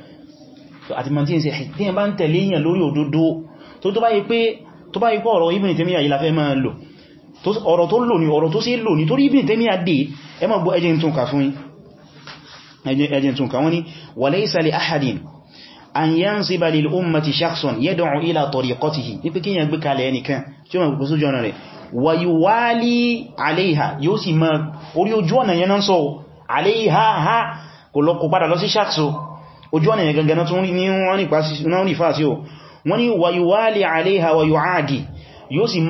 Speaker 1: so a ti mọ̀ tí ó ń ṣe hizbiya bá ń tẹ̀lé èyàn lórí òdodo tó tó bá yí pé tó bá yí pé ọ̀rọ̀ Ibn Taymiyyah yìí la fẹ́ máa lò ọ̀rọ̀ tó lò ní ọ̀rọ̀ tó sí lò ní torí Ibn Taymiyyah dé ẹ mọ̀ gbọ́ ẹjẹ́ tún kà fún ẹjẹ́ tún kà wọ́n ní wa laysa ahadin an yansiba lil ummati shakhsun yad'u ila tariqatihi ní pé kíyàn gbé kalẹ̀ ẹnìkan tí ó mọ̀ pẹ̀sú jọna rẹ̀ wa yuwali alayha yóò sì mọ́ orí ojú ọ̀nà yẹn náà sọ alayha ha kò lọ kò padà lọ sí shakhsu ojú ọ̀nà yẹn gangan tún rí ní wọ́n rí fásí o wọ́n ni wa yuwali alayha wa yu'adi yóò sì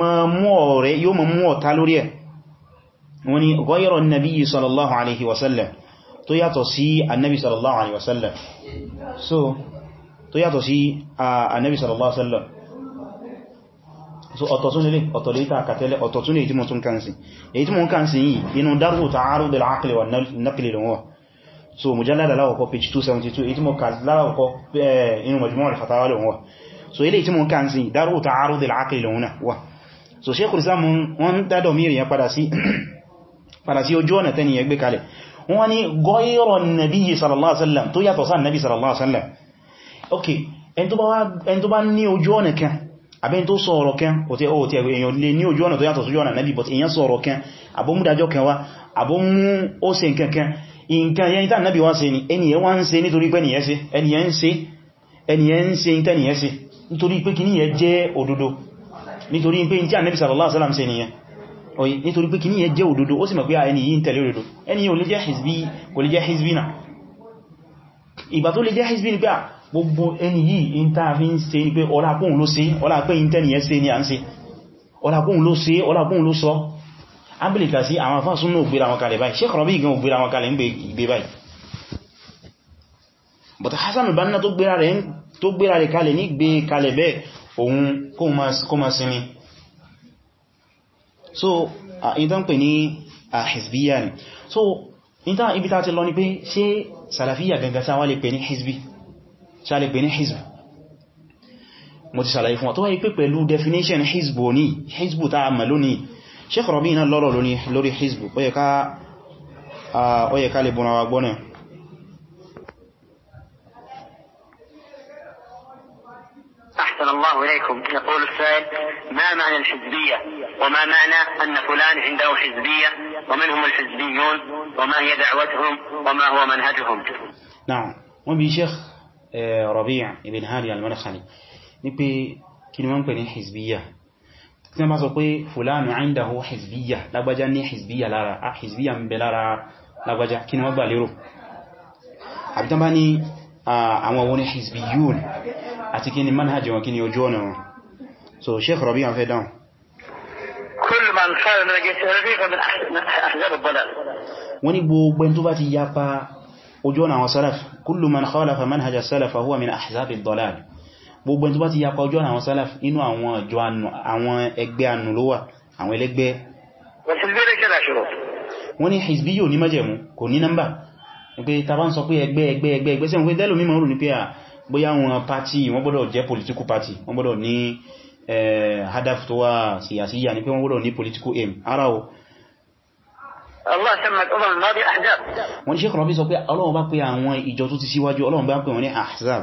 Speaker 1: so tó yàtọ̀ sí ànábì sallallahu alaihi wasallam so ọ̀tọ̀ tún nílé ọ̀tọ̀ lè tàà kàtẹ́lẹ̀ ọ̀tọ̀ tún ní èyí tí mo tún kànsì èyí tí mo kànsì mujallada láwọ̀kọ́ page 272 èyí tí mo kànsì láwọ̀kọ́ inú majmu' al-fatawa lọ́wọ́ so ilé tí mo kànsì dárò ta'arud al-aqli lọ́wọ́ so Shaykhul Islam wọ́n dádọ̀ mìírí ya padà sí ojú ọ̀nà tẹ́ni ya gbé kalẹ̀ wọ́n ni gọ́yọ̀rọ̀ nabi sallallahu alaihi wasallam tó yàtọ̀ sáà nabi sallallahu alaihi wasallam ok ẹn tó bá ní ojú ọ̀nà kan àbí tó sọ ọ̀rọ̀ kan òtẹ́ ó tí èyàn lè ní ojú ọ̀nà tó yàtọ̀ sójú ọ̀nà Nábì but èyàn sọ ọ̀rọ̀ kan àbómúdájọ́ kan wá àbómú ó ṣe nǹkan kan nǹkan yẹn tán Nábì wá ṣe ni ẹniyẹn wá ń ṣe nítorí pé ẹniyẹn ń ṣe ìtẹ́niyẹn ṣe nítorí pé kí níyẹn jẹ́ òdodo nítorí pé ní tí Ànábì sallallahu alaihi wasallam a ah, ẹni yìí ń tẹ̀lé òdodo ẹni yìí ò lè jẹ́ hizbi kò lè ìgbà tó lè jẹ́ hizbi gbogbo ẹni yìí in ta fi ń ṣe ní pé ọlápóhun ló ṣe ọlápé intẹ́niyẹ ṣe ni a ń ṣe ọlápóhun ló ṣe ọlápóhun ló sọ ábìlìkà sí àwọn afásun náà gbéra wọn kalẹ̀ báyìí Sheikh Rabi gan gbéra wọn kalẹ̀ ń gbé báyìí but Hassan al-Banna tó so ìdán pè ní hizbiya ni so ìdán ibi ta ti lọ ni pé ṣe salafiya hizbi ṣàlẹ̀ pè ní hizbu mo ti ṣàlàyé fún wa tó wáyé pé pẹ̀lú definition hizbu ní hizbu ta àmà lónìí Sheikh Rabi' náà lọ́rọ̀ lórí hizbu ó yẹ ká lè bọ́nà wa gbọ́nà
Speaker 2: أحسن الله إليكم يقول ما معنى الحزبية وما معنى أن فلان عنده حزبية ومنهم الحزبيون وما هي دعوتهم وما هو منهجهم
Speaker 1: نعم وبشيخ Rabi' ibn Hadi al-Madkhali ní pé kí ni wọ́n pè ní hizbiyya tí wọ́n bá sọ pé fulanu indahu hizbiyya lágbàjá ní hizbiyya lára a hizbiyya ń bẹ lára lágbàjá kí ni wọ́n gbà lérò àbítán bá ní àwọn wọn ni hizbiyyun àti kí ni manhaj wọn kí ni ojú ọ̀nà wọn so Sheikh Rabi' an fẹ́ dáhùn wọ́n ní gbogbo ẹni tó bá ti yapa ojú ọ̀nà àwọn salaf kullu man khalafa manhaja salaf huwa min ahzabi ad-dalal gbogbo ẹni tó bá ti yapa ojú ọ̀nà àwọn salaf inú àwọn ìjọ anù àwọn ẹgbẹ́ anù ló wà àwọn ẹlẹ́gbẹ́ wọ́n ní hizbi yóò ní májẹ̀mú kò ní nọ́mbà pé tàbá ń sọ pé ẹgbẹ́ ẹgbẹ́ ẹgbẹ́ ẹgbẹ́ sẹ́wọ̀n pé dẹ́lò mímọ̀ rò ní pé à bóyá wọn pàtí wọ́n gbọ́dọ̀ jẹ́ political party wọ́n gbọ́dọ̀ ní eh, hadaf tó wà síyàsíyà ní pé wọ́n gbọ́dọ̀ ní political aim ara o
Speaker 2: wọ́n
Speaker 1: ni Sheikh Rabi sọ pé Ọlọ́run bá pè àwọn ìjọ tó ti síwájú Ọlọ́run bá pè wọ́n ní ahzab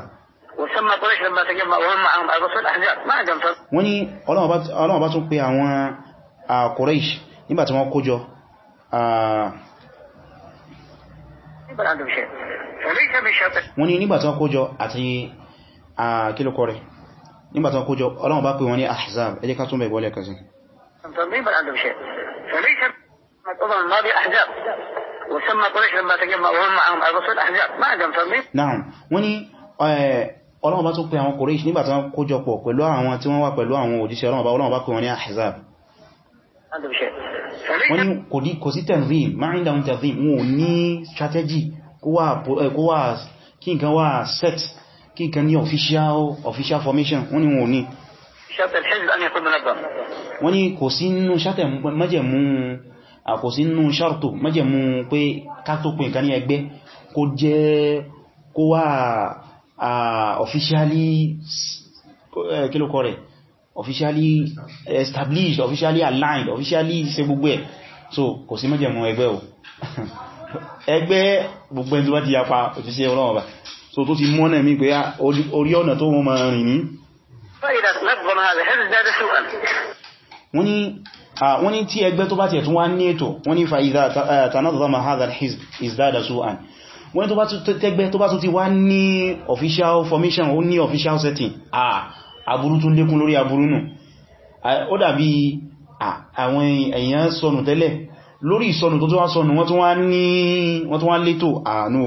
Speaker 1: wọ́n ni Ọlọ́run bá tún pè àwọn Quraysh nígbàtí wọ́n kójọ wọ́n ni nígbàtí wọ́n kójọ àti kílùkọ́ rẹ̀ nígbàtí wọ́n kójọ Ọlọ́run bá pè wọ́n ní ahzab ẹ jẹ́ ká tún bẹ̀ gbọ́lẹ̀ kan sí
Speaker 2: ما في أحزاب وسمى قريش لما تجمع وهم معهم الرسول أحزاب ما عندهم تنظيم
Speaker 1: نعم وني ọlọ́run bá tún pè àwọn kòríṣ nígbà tí wọ́n kójọpọ̀ pẹ̀lú àwọn tí wọ́n wà pẹ̀lú àwọn òjíṣẹ́ ọlọ́run bá ọlọ́run bá pè wọ́n ní ahzab wọ́n ní kò dí kò sí tanzim ma ń dáun tanzim wọn ò ní strategy kó wà kí nǹkan wà set kí nǹkan ní official formation wọ́n ní wọn wọ́n ní kò sí nínú ṣátẹ̀ mọ́jẹ̀mú àkòsí nínú ṣàrtò májẹ̀mú pé ká tó pè nǹkan ní ẹgbẹ́ kó jẹ́ kó wà officially kílòkọ rẹ̀ officially established officially aligned officially ṣe gbogbo ẹ̀ so kò sí májẹ̀mú ẹgbẹ́ o <laughs> ẹgbẹ́ gbogbo ẹni tó bá ti so tó ti mi pé orí ọ̀nà tó wọ́n ni Ah, wọ́n ní tí ẹgbẹ́ tó bá tiẹ̀ tún wá ní ètò wọ́n ní fa idha eh, tanazama hadha al-hizb izdada su'an wọ́n ní tẹ́gbẹ́ tó bá ti wá ní official formation ó ní official setting ah aburú tún lékún lórí aburú nù ó dàbí àwọn èèyàn sọnù tẹ́lẹ̀ lórí ìsọnù tó tún wá sọnù wọ́n tún wá ní wọ́n tún wá létò àánú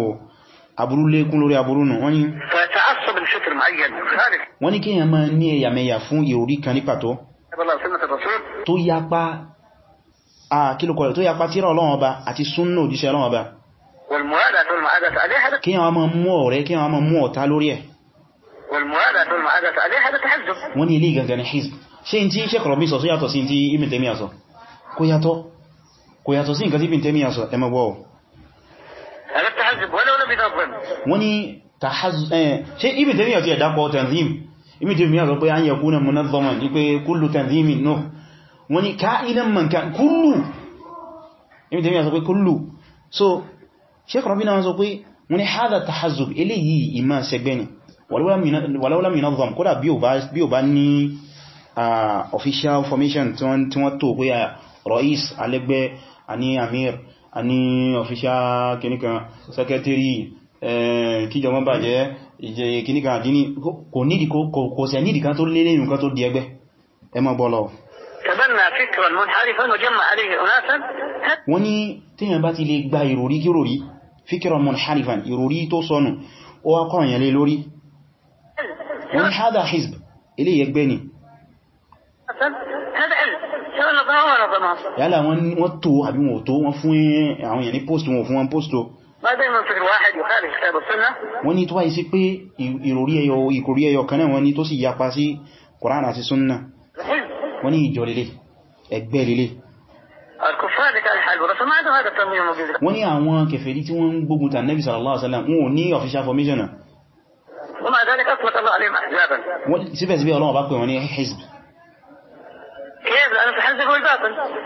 Speaker 1: tó yapa àkílùkọ̀ rẹ̀ tó yapa tíra Ọlọ́run Ọba àti súnnà òjíṣẹ́ Ọlọ́run Ọba kí wọ́n máa mú ọ̀rẹ́ kí wọ́n máa mú ọ̀tá lórí ẹ̀ wọ́n ní ilé ìgangan ní hizb ṣe n tí Sheikh Rabi sọ sí yàtọ̀ sí tí Ibn Taymiyyah sọ kò yàtọ̀ kò yàtọ̀ sí nǹkan tí Ibn Taymiyyah sọ ẹmọ gbọ́ wọ́n ní ṣe Ibn Taymiyyah ti ẹ̀dàpọ̀ tanzim Ibn Taymiyyah sọ pé an yakuna munazzaman ní wọ́n ni káìnan mankan kullu ibi tẹ́mí àsọ pé kullu so sheikh rabina wọ́n sọ pé wọ́n ni hadha tahazzub eléyìí ìmá sẹgbẹ́ ni walawla minadham kódà bí o bá ní official formation tí wọ́n tó pé rais alẹ́gbẹ́ àní amir àní official kìníkan secretary kíjọmọ́ bàjẹ́ ìjẹ kìníkan àdíní kò nídìí kò sẹ̀ nídìí kan tó lé lẹ́yìn kan tó di ẹgbẹ́ ẹ bọ́lọ̀
Speaker 2: wọ́n
Speaker 1: ní tíyàn bá ti lè gba ìròrí kíròrí fíkìrọ̀ munharifan ìròrí tó sọnù ó wá kọ̀rọ̀ yẹn lé lórí wọ́n ní hádà hizb ilé yẹgbẹ́ ni yálà wọ́n tó àbí wọ́n tó wọ́n fún àwọn èèyàn ní post wọ́n fún wọn post wọ́n ní tó wáyé sí pé ìròrí ẹyọ ìkòrí ẹyọ kan náà wọ́n ní tó sì yapa sí Kùránì àti Sunnah wọ́n ní ìjọ lélẹ̀ ẹgbẹ́ lélẹ̀ wọ́n ní àwọn kèfèrí tí wọ́n ń gbógun ta Nabi sallallahu alaihi wasallam wọn ò ní official formation náà síbẹ̀síbẹ̀ Ọlọ́run bá pè wọ́n ní hizb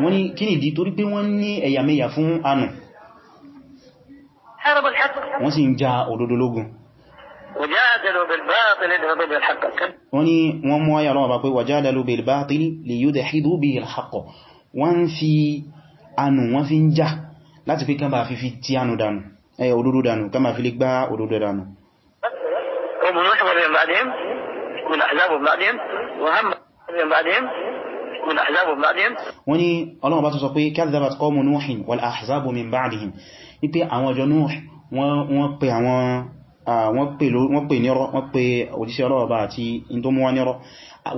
Speaker 1: wọ́n ní kí nìdí torí pé wọ́n ní ẹ̀yàmẹ́yà fún ànù wọ́n sì ń ja òdodo lógun
Speaker 2: وجادلوا بالباطل ليدحضوا
Speaker 1: به الحق wọ́n ní wọ́n mú ayà lọ́wọ́ bá pé وجادلوا بالباطل ليدحضوا به الحق wọ́n fi anù wọ́n fi ń jà láti pé kánbà fi fi tí anù dànù ẹ òdodo dànù kánbà fi lè gbá òdodo dànù wọ́n ní ọlọ́wọ́ bá tún sọ pé kadhabat qawmu nuhin wal ahzabu min ba'dihim ní pé àwọn ọjọ́ nuh Ah, wọ́n pè nírọ́ wọ́n pè òjíṣẹ́ Ọlọ́run bá àti in tó mú wá nírọ́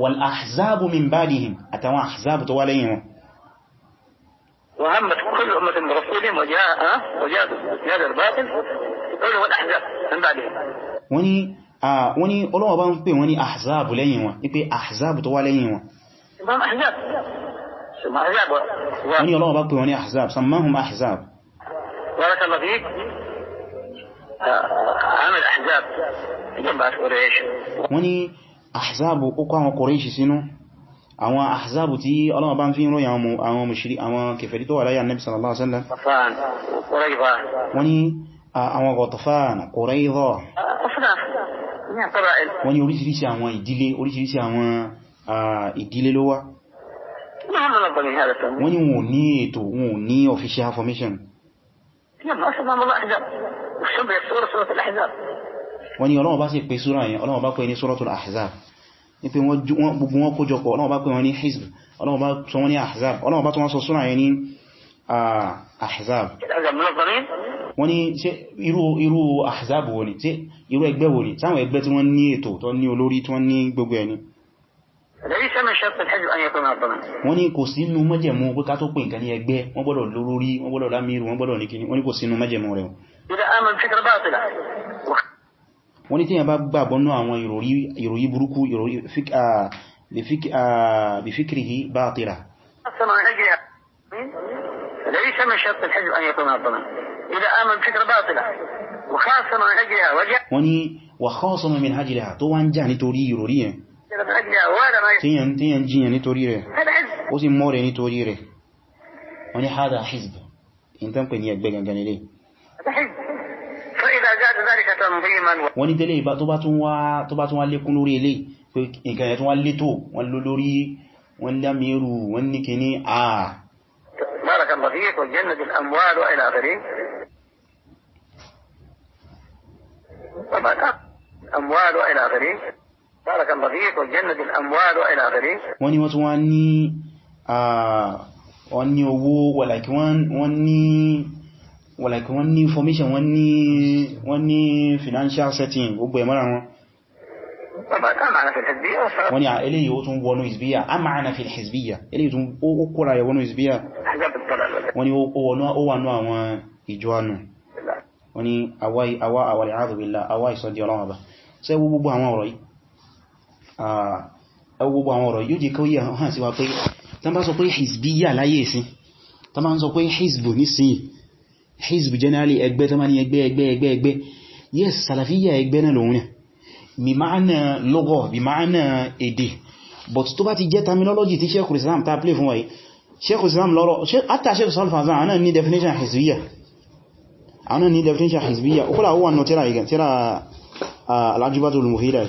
Speaker 1: wal ahzabu min ba'dihim àtàwọn ahzabu tó wá lẹ́yìn wọn
Speaker 2: وعمت كل أمة برسولهم وجاء وجاء بهذا الباطل كلهم الأحزاب من بعدهم
Speaker 1: wọ́n ní ah, wọ́n ní Ọlọ́run bá ń pè wọ́n ní ahzabu lẹ́yìn wọn ní pé ahzabu tó wá lẹ́yìn wọn wọ́n ní Ọlọ́run bá pè wọ́n ní ahzab sammahum ahzab
Speaker 2: barakallahu fik
Speaker 1: wọ́n ní ahzabu ó kó àwọn Quraishi sínú àwọn ahzabu tí Ọlọ́run bá ń fi ń ròyìn àwọn mushri àwọn kèfèrí tó wà láyé Ànábì sallallahu alaihi
Speaker 2: wasallam wọ́n ní
Speaker 1: àwọn Ghatafan Quraydha wọ́n ní oríṣiríṣi àwọn ìdílé oríṣiríṣi àwọn ìdílé ló wà wọ́n ní wọn ò ní ètò wọn ò ní official formation
Speaker 2: náà ṣe máa mọ́lá àhìzá ṣọ́bẹ̀ sọ́rọ̀ sọ́rọ̀ tẹ́lẹ̀ àhìzá
Speaker 1: wọ́n ni ọlọ́wọ́ bá sì pè súra yẹn ọlọ́wọ́ bá pè ní suratul ahzab ní pé gbogbo wọn kójọpọ̀ ọlọ́wọ́ hizb ọlọ́wọ́ bá sọ wọn ní ahzab ọlọ́wọ́ bá tó wọ́n sọ súra yẹn ní ahzab wọ́n ni ṣe irú ahzab wo ni ṣe irú ẹgbẹ́ wo ni táwọn ẹgbẹ́ tí wọ́n ní ètò tó ní olórí tó ní gbogbo ẹni wọ́n ní kò sínú májẹ̀mú pé ká tó pè nǹkan ní ẹgbẹ́ wọ́n gbọ́dọ̀ lórí wọ́n gbọ́dọ̀ lámírù wọ́n gbọ́dọ̀ ní kíní wọ́n ní kò sínú májẹ̀mú rẹ̀ wọ́n ní tí yẹn bá gbàgbọ́ ní àwọn ìròyí burúkú bí fíkìrìhì bátìlà
Speaker 2: ليس من شرط الحزب أن يكون منظما إذا آمن فكرة باطلة وخاصة من أجلها وجاء
Speaker 1: وني وخاصة من أجلها طوان جاني توري يروريه تين تين جين يعني توريره
Speaker 2: هذا حزب وزي
Speaker 1: موري هذا حزب يجب هذا حزب
Speaker 2: فإذا جاد ذلك تنظيما
Speaker 1: واني دلي با تباتوا تباتوا اللي كنوا لي إن كان يتوا اللي تو واللو لوري وان لاميرو وان نكني آه
Speaker 2: مالك المضيق والجنة الأموال وإلى آخرين وما كان وإلى آخرين barakallahu fiik wal jannatu al amwal wa ila akhirih
Speaker 1: wọ́n ní wọ́n tún wọ́n ní wọ́n ní owó wàlàkí wọ́n ní wàlàkí wọ́n information wọ́n ní wọ́n ní financial setting gbogbo ẹ̀mọ́ra wọn wọ́n ní eléyìí ó tún wọnú hizbiyya a ma'ana fi hizbiyya eléyìí tún ó kóra ya wọnú hizbiyya wọ́n ní ó wọnú àwọn ìjọ anù wọ́n ní àwa àwàlẹ̀ àdùbìlá àwa ìsọ́dí ọlọ́wọ́ bá sẹ́wọ́ gbogbo àwọn ọ̀rọ̀ yìí gbogbo àwọn ọ̀rọ̀ yóò jẹ́ kó yẹ hàn sí wa pé tán bá sọ pé hizbiyya láyé sí tán bá ń sọ pé hizbu nísìnyí hizbu generally ẹgbẹ́ tán bá ní ẹgbẹ́ ẹgbẹ́ ẹgbẹ́ ẹgbẹ́ yes salafiyya ẹgbẹ́ náà lòun náà bí ma'ana lugha bí ma'ana èdè but tó bá ti jẹ́ terminology tí Sheikhul Islam ta play fún wa yìí Sheikhul Islam lọ́rọ̀ àtà Sheikh Sal Fawzān àwọn ní àwọn ní definition hizbiyya ó kọ́lá wọ́n nù tíra Al-Ajwibatul Mufīdah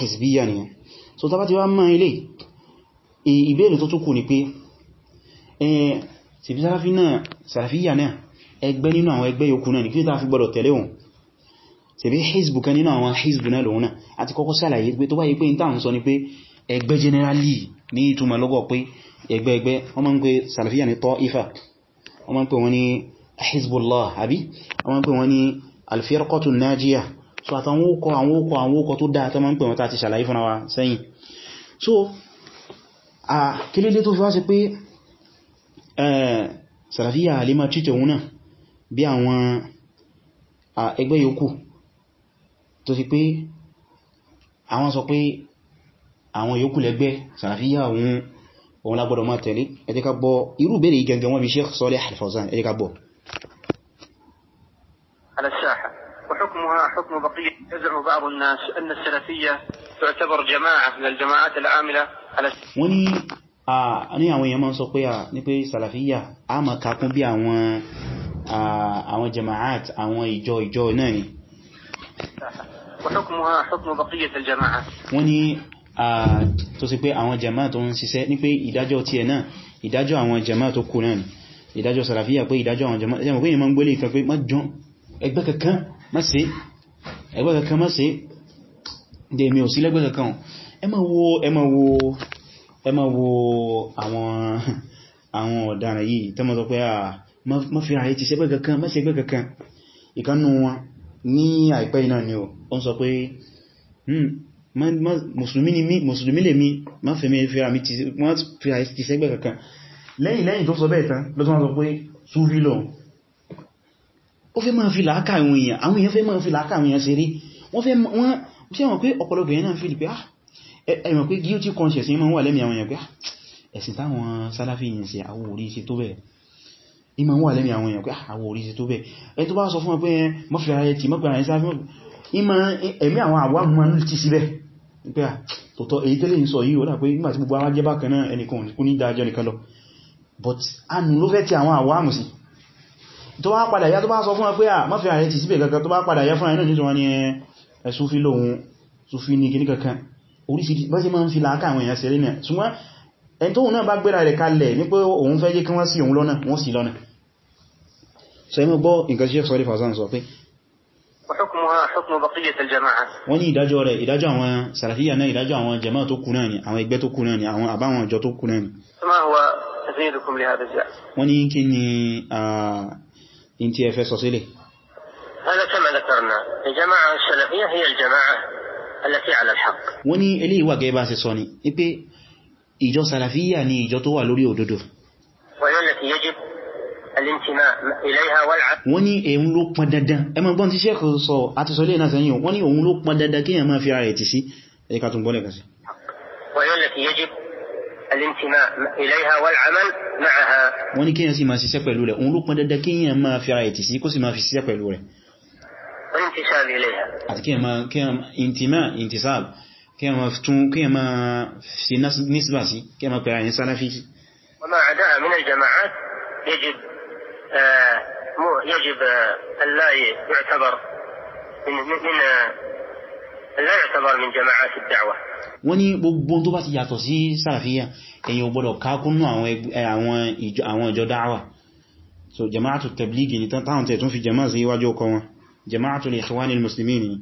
Speaker 1: hizbiyya nìyẹn so tàbá ti wá mọ́ ilé ìbéèrè tó túnkù ni pé ṣebí sàlàfíyà náà ẹgbẹ́ nínú àwọn ẹgbẹ́ yòókù náà ni kí ta fi gbọ́dọ̀ tẹ̀lé òun ṣebí hizbu kan nínú àwọn hizbu náà lòun náà àti kọ́kọ́ sàlàyé pé tó bá yí pé ní tàà ń sọ ni pé ẹgbẹ́ generally ní ìtumọ̀ lọ́gọ́ pé ẹgbẹ́ ẹgbẹ́ wọ́n máa ń pè sàlàfíyà ní taifa wọ́n máa ń pè wọ́n ní hizbullah àbí wọ́n máa ń pè wọ́n ní alfirqatu najiyah so àtàwọn ókọ àwọn ókọ àwọn ókọ tó dáa tó ma ń pè wọn tàà ti ṣàlàyé fúnra wa sẹ́yìn so a kílódé tó fi wá sí pé sàràfíà lè máa títẹ̀ òun náà bí àwọn ẹgbẹ́ yòókù tó sì pé àwọn sọ pé àwọn yòókù lẹ́gbẹ́ sàràfíà òun òun lágbọ́dọ̀ máa tẹ̀lé ẹ jẹ́ ká gbọ́ irú ìbéèrè yìí gẹngẹn wọ́n bí
Speaker 2: وحكمها حكم بقية يزعم بعض الناس أن السلفية تعتبر جماعة من الجماعات العاملة على
Speaker 1: وني ní àwọn èèyàn máa ń sọ pé ní pé sàlàfíyà a ma kakún bí àwọn àwọn jama'at àwọn ìjọ ìjọ náà ni wọ́n ní tó sì pé àwọn jama'a tó ń ṣiṣẹ́ ní pé ìdájọ́ tí ẹ náà ìdájọ́ àwọn jama'a tó kù náà ni ìdájọ́ sàlàfíyà pé ìdájọ́ àwọn jama'a má ṣe ẹgbẹ́ kankan má ṣe dé mi ò sí lẹ́gbẹ́ kankan ẹ má wo ẹ má wo ẹ má wo àwọn àwọn ọ̀daràn yìí tẹ́ mọ́ sọ pé à má fi ààyè ti ṣẹgbẹ́ kankan má ṣẹgbẹ́ kankan ìkanú wọn ní àìpẹ́ iná ni ó ń sọ pé mùsùlùmí lè mi má fi ààyè ti ṣẹgbẹ́ hmm, kankan lẹ́yìn lẹ́yìn tó sọ bẹ́ẹ̀ tán lọ́tún wọn sọ pé súfí lòun ó fẹ́ máa fi làákà àwọn èèyàn àwọn èèyàn fẹ́ máa fi làákà àwọn èèyàn ṣeré wọ́n fẹ́ wọ́n tí àwọn pé ọ̀pọ̀lọpọ̀ èèyàn náà fi lè pé ah, ẹ̀mọ̀ pé guilty conscience yẹn máa wà àwọn èèyàn pé ah, ẹ̀sìn táwọn tó wá padà yá tó bá sọ fún ẹ pé à ah, mọ́fẹ́ ààrẹ ti síbẹ̀ kankan tó bá padà yá fún ààrẹ nítorí wọ́n ni ẹ eh, Sufi lòun Sufi ní kìní kankan orísìí bá sí máa ń fi láàkà àwọn èèyàn sẹ́rẹ́ náà ṣùgbọ́n wọ́n sí ìdájọ́ rẹ̀ ìdájọ́ àwọn sàràfíyà náà ìdájọ́ àwọn jẹmọ́ tó kù náà ni àwọn ẹgbẹ́ tó kù náà ni àwọn àbáwọn ìjọ tó kù náà ni wọ́n ní kí ni ah, in ti ẹfẹ́ sọ sílẹ̀
Speaker 2: هذا كما ذكرنا الجماعة السلفية هي الجماعة التي على الحق
Speaker 1: wọ́n ní eléyìí wà gẹ́gẹ́ bá ṣe sọ ni pé ìjọ sàlàfíyà ni ìjọ tó wà lórí òdodo
Speaker 2: وهي التي يجب الانتماء إليها والعمل
Speaker 1: wọ́n ní èun ló pọn dandan ẹ máa gbọ́n tí Sheikh sọ àti sọ lẹ́nà sẹ́yìn wọ́n ní òun ló pọn dandan kí èyàn máa fi ara ẹ̀ tì sí ẹ̀ka tó ń gbọ́lẹ̀ kan sí
Speaker 2: وهي التي يجب الانتماء إليها والعمل معها
Speaker 1: وني كان سي ما سي سي بيلو اون لو بون دادا كان ما في رايتي سي كو سي ما في سي بيلو الانتساب إليها اتكي
Speaker 2: وما عداها من الجماعات يجب آه، يجب ان لا يعتبر من من آه،
Speaker 1: يعتبر من جماعات الدعوه wọ́n ní gbogbo tó bá ti yàtọ̀ sí sàràfíyà èyàn gbọ́dọ̀ kákúnnú eh, àwọn ìjọ dáwà so jama'atu tabligi ni táwọn tẹ̀ tún fi jama'a sí iwájú ọkọ̀ wọn jama'atu li ikhwanil muslimin ni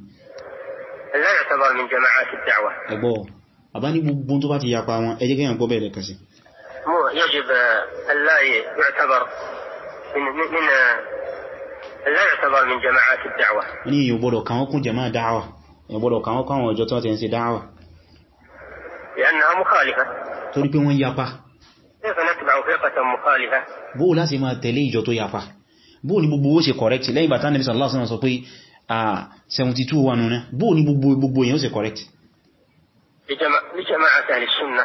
Speaker 1: ẹgbọ́ àbá ní gbogbo tó bá ti yapa wọn
Speaker 2: يجب ألا يعتبر من من لا يعتبر من جماعات الدعوة
Speaker 1: ni يبودو gbọ́dọ̀ kàn wọ́n kún يبودو dáwà yóò gbọ́dọ̀ kàn wọ́n kún àwọn
Speaker 2: لأنها مخالفة
Speaker 1: تربي وان يابا كيف نتبع فرقة مخالفة بو لازم تلي جو تو يابا bó ní gbogbo ó ṣe correct lẹ́yìn bàtà nẹ́bí sallallahu alaihi wasallam sọ pé à 72 wà nùnà bó ní gbogbo èyàn ó ṣe correct
Speaker 2: لجماعة أهل السنة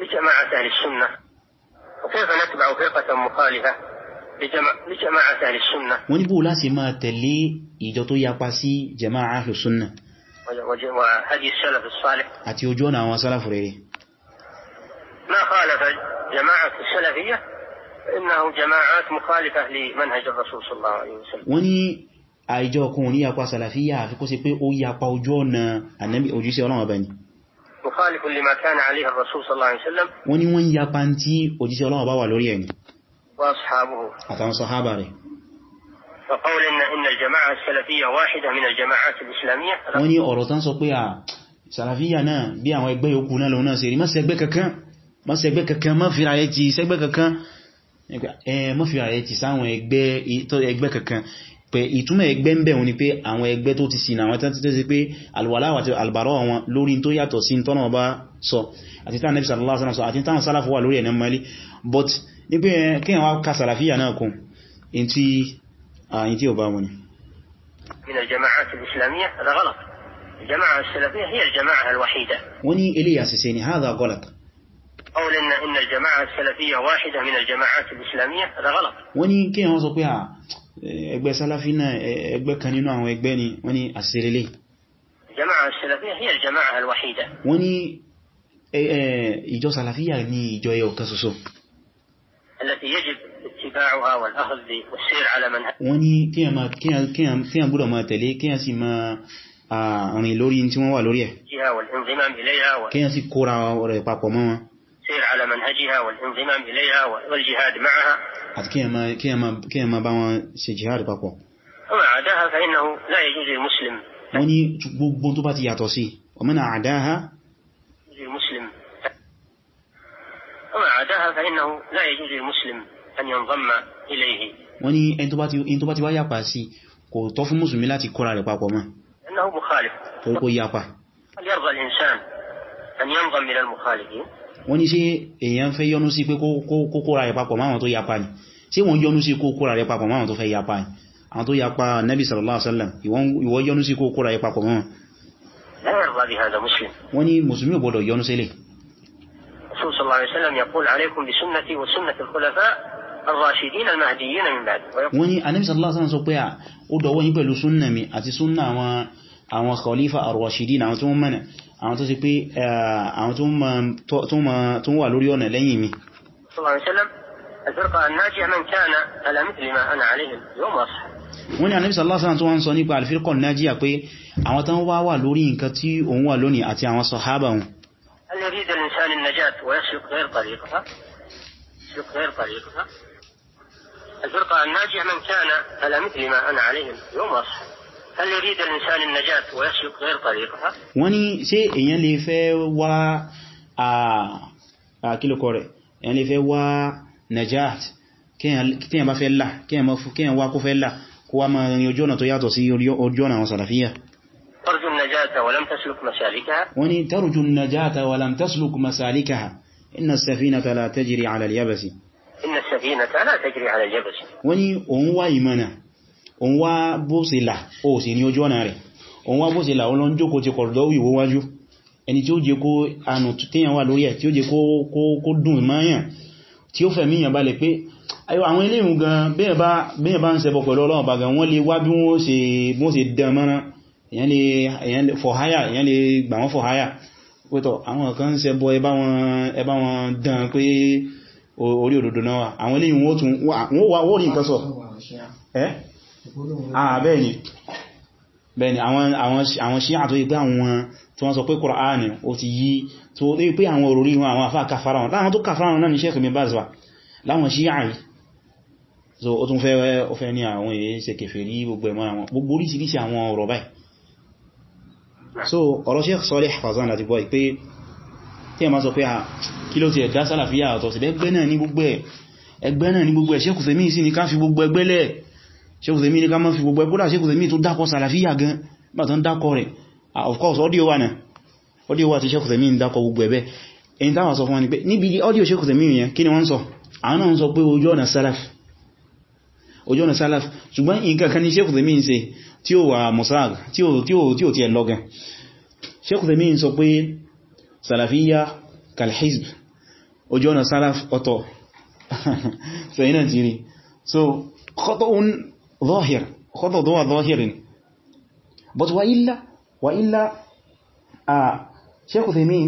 Speaker 2: لجماعة أهل السنة
Speaker 1: وكيف نتبع فرقة مخالفة لجماعة أهل السنة wọ́n ní bó láti máa tẹ̀lé ìjọ tó yapa sí jama'a ahlus sunnah
Speaker 2: وهدي السلف الصالح
Speaker 1: أتي وجونا وسلف ريري
Speaker 2: ما خالف جماعة السلفية إنه جماعات مخالفة لمنهج الرسول صلى الله عليه وسلم
Speaker 1: وني àìjọ ọkùnrin ní àpá sàlàfíyà àfi kó sí pé ó yapa ojú ọ̀nà ànábì òjíṣẹ́ ọlọ́run ọba ni wọ́n ni wọ́n yapa tí òjíṣẹ́ ọlọ́run ọba wà lórí ẹni àtàwọn sàhábà rẹ̀
Speaker 2: فقول إن, إن الجماعة السلفية واحدة من الجماعات الإسلامية
Speaker 1: wọ́n ní ọ̀rọ̀ tán sọ pé à ah, sàlàfíyà náà bí àwọn ẹgbẹ́ yòókù náà lòun náà ṣe rí má ṣẹgbẹ́ kankan má ṣẹgbẹ́ kankan má fira rẹ̀ ti ṣẹgbẹ́ kankan má fira rẹ̀ ti sáwọn ẹgbẹ́ kankan pé ìtumọ̀ ẹgbẹ́ ń bẹ̀ wọn ni pé àwọn ẹgbẹ́ tó ti sìn àwọn tán títẹ́ sí pé alwàláwà àti albarọ́ wọn lórí tó yàtọ̀ sí tọ́nà ọba sọ àti tán nẹ́bí sallallahu alaihi wasallam àti tán sálàfíwà lórí ẹ̀nà mali but ní pé kí wọ́n ká sàlàfíyà náà kún in àyìn tí ò
Speaker 2: من الجماعات الإسلامية هذا غلط الجماعة السلفية هي الجماعة الوحيدة
Speaker 1: وني إليا سيسيني هذا غلط
Speaker 2: قول إن, إن الجماعة السلفية واحدة من الجماعات الإسلامية هذا غلط
Speaker 1: وني كي هون سوكوها إقبال sálàfí náà ẹgbẹ́ kan nínú àwọn
Speaker 2: الجماعة السلفية هي الجماعة الوحيدة
Speaker 1: وني إيه إيه sálàfíyà سلفية ìjọ ẹ̀ọ̀kan يوكسوسو
Speaker 2: التي يجب اتباعها والأخذ والسير على منها
Speaker 1: wọ́n ní kíyàn gbọ́dọ̀ máa tẹ̀lé kíyàn sì máa àrin lórí tí wọ́n wà lórí ẹ̀ kíyàn sì kóra rẹ̀ papọ̀ mọ́ wọn àti kíyàn máa bá wọn ṣe jihad papọ̀ wọ́n ní gbogbo tó bá ti yàtọ̀ sí ومن أعداها
Speaker 2: المسلم ومن أعداها فإنه لا يجوز للمسلم an yanzamma ilayhi
Speaker 1: wọ́n ní ẹni tó bá ti wá yapa sí kò tọ́ fún mùsùlùmí láti kóra rẹ̀ papọ̀ mọ́
Speaker 2: innahu mukhalif torí kó yapa hal yarda al-insan an yanzam
Speaker 1: ila al-mukhalifin wọ́n ní ṣé èèyàn fẹ́ yọnú sí pé kó kóra rẹ̀ papọ̀ máwọn tó yapa ni ṣé wọ́n yọnú sí kó kóra rẹ̀ papọ̀ máwọn tó fẹ́ yapa ni àwọn tó yapa nabi sallallahu alaihi wasallam ìwọ yọnú sí kó kóra rẹ̀ papọ̀
Speaker 2: الراشدين المهديين من بعد
Speaker 1: wọ́n ní Ànábì sallallahu alaihi wasallam sọ pé ó dọ̀wọ́ yín pẹ̀lú sunna mi àti sunna àwọn àwọn khalifa ar-rashidin àwọn tó mọ̀nà àwọn tó sì pé àwọn tó ma tó ma tó wà lórí ọ̀nà lẹ́yìn mi sallallahu alaihi
Speaker 2: wasallam الفرقة الناجية من كان على مثل ما أنا عليه اليوم وأصحابي
Speaker 1: wọ́n ní Ànábì sallallahu alaihi wasallam tó wọ́n sọ nípa al-firqa an-najiya pé àwọn tán wá wà lórí nǹkan tí òun wà lónìí àti àwọn sàhábà wọn
Speaker 2: هل يريد الإنسان النجاة ويسلك غير طريقها يسلك غير طريقها الفرقة الناجية من كان على مثل ما أنا عليه اليوم أصحى هل يريد الإنسان النجاة ويسلك غير طريقها؟
Speaker 1: وني آه، آه، سي يلي في lè fẹ́ wá àkílùkọ في èèyàn نجاه fẹ́ wá najat في bá fẹ́ là kíyàn wá kó fẹ́ là kó wá máa rin ojú ọ̀nà ترجو
Speaker 2: النجاة ولم تسلك مسالكها
Speaker 1: وني ترجو النجاة ولم تسلك مسالكها إن السفينة لا تجري على اليبس
Speaker 2: inna safinata la tajri ala al-yabs
Speaker 1: wọ́n ní òun wá ìmọ̀nà òun wá bó ṣe là ó sì ní ojú ọ̀nà rẹ̀ òun wá bó ṣe là ọlọ́n jókòó ti kọ̀rọ̀dọ́ ìwó wájú ẹni tí ó jẹ kó ànù tíyàn wà lórí ẹ̀ tí ó jẹ kó dùn ìmáyàn tí ó fẹ̀mí yàn balẹ̀ pé àwọn ilé ìhùn gan bẹ́ẹ̀ bá ń ṣẹbọ pẹ̀lú Ọlọ́run gan wọ́n lè wá bí wọ́n ṣe dán mọ́ná èyàn lè gbà wọ́n fọ̀háyà pẹ́tọ̀ àwọn kan ń ṣẹbọ ẹbá wọn dán pé orí òdòdó náà wà àwọn ilé ìwọ̀n tún wọ́n wà wọ́n rí nǹkan sọ ah, bẹ́ẹ̀ni bẹ́ẹ̀ni àwọn ṣí àtò ipé àwọn tí wọ́n sọ pé Kùránì ó ti yí tó rí pé àwọn òròrí wọn àwọn àfáà kàfàrà wọn láwọn tó kàfàrà wọn náà ni Sheikh so ó Salih Fawzān láti gbọ́ tí ẹ ma sọ pé à ah, kí ló ti ẹ̀dá sálàfíà ọ̀tọ̀ sí ẹgbẹ́ náà ní gbogbo ẹ̀ ẹgbẹ́ náà ní ni ká fi gbogbo ẹgbẹ́ lẹ̀ Sheikh Uthaymeen ní ká má fi gbogbo ẹ̀ kódà Sheikh Uthaymeen tó dákọ sálàfíà gan bá tán dákọ rẹ̀ ah, of course audio wà audio wà tí Sheikh Uthaymeen dákọ gbogbo ẹ̀bẹ́ ẹni táwọn sọ fún wọn ni pé audio Sheikh Uthaymeen yẹn kí ni wọ́n sọ àwọn náà ń sọ pé ojú ọ̀nà sálàf ojú ọ̀nà sálàf ṣùgbọ́n nǹkan kan ni Sheikh Uthaymeen ṣe tí ó wà mọ̀sáàg tí ó sọ pé sàlàfíyà kalhizb ojú ọ̀nà sálàf ọ̀tọ̀ <laughs> so iná ti so kọ́tọ̀un zọ́hìr kọ́tọ̀ tó wà but wa illa wa illa a sheikh uthimin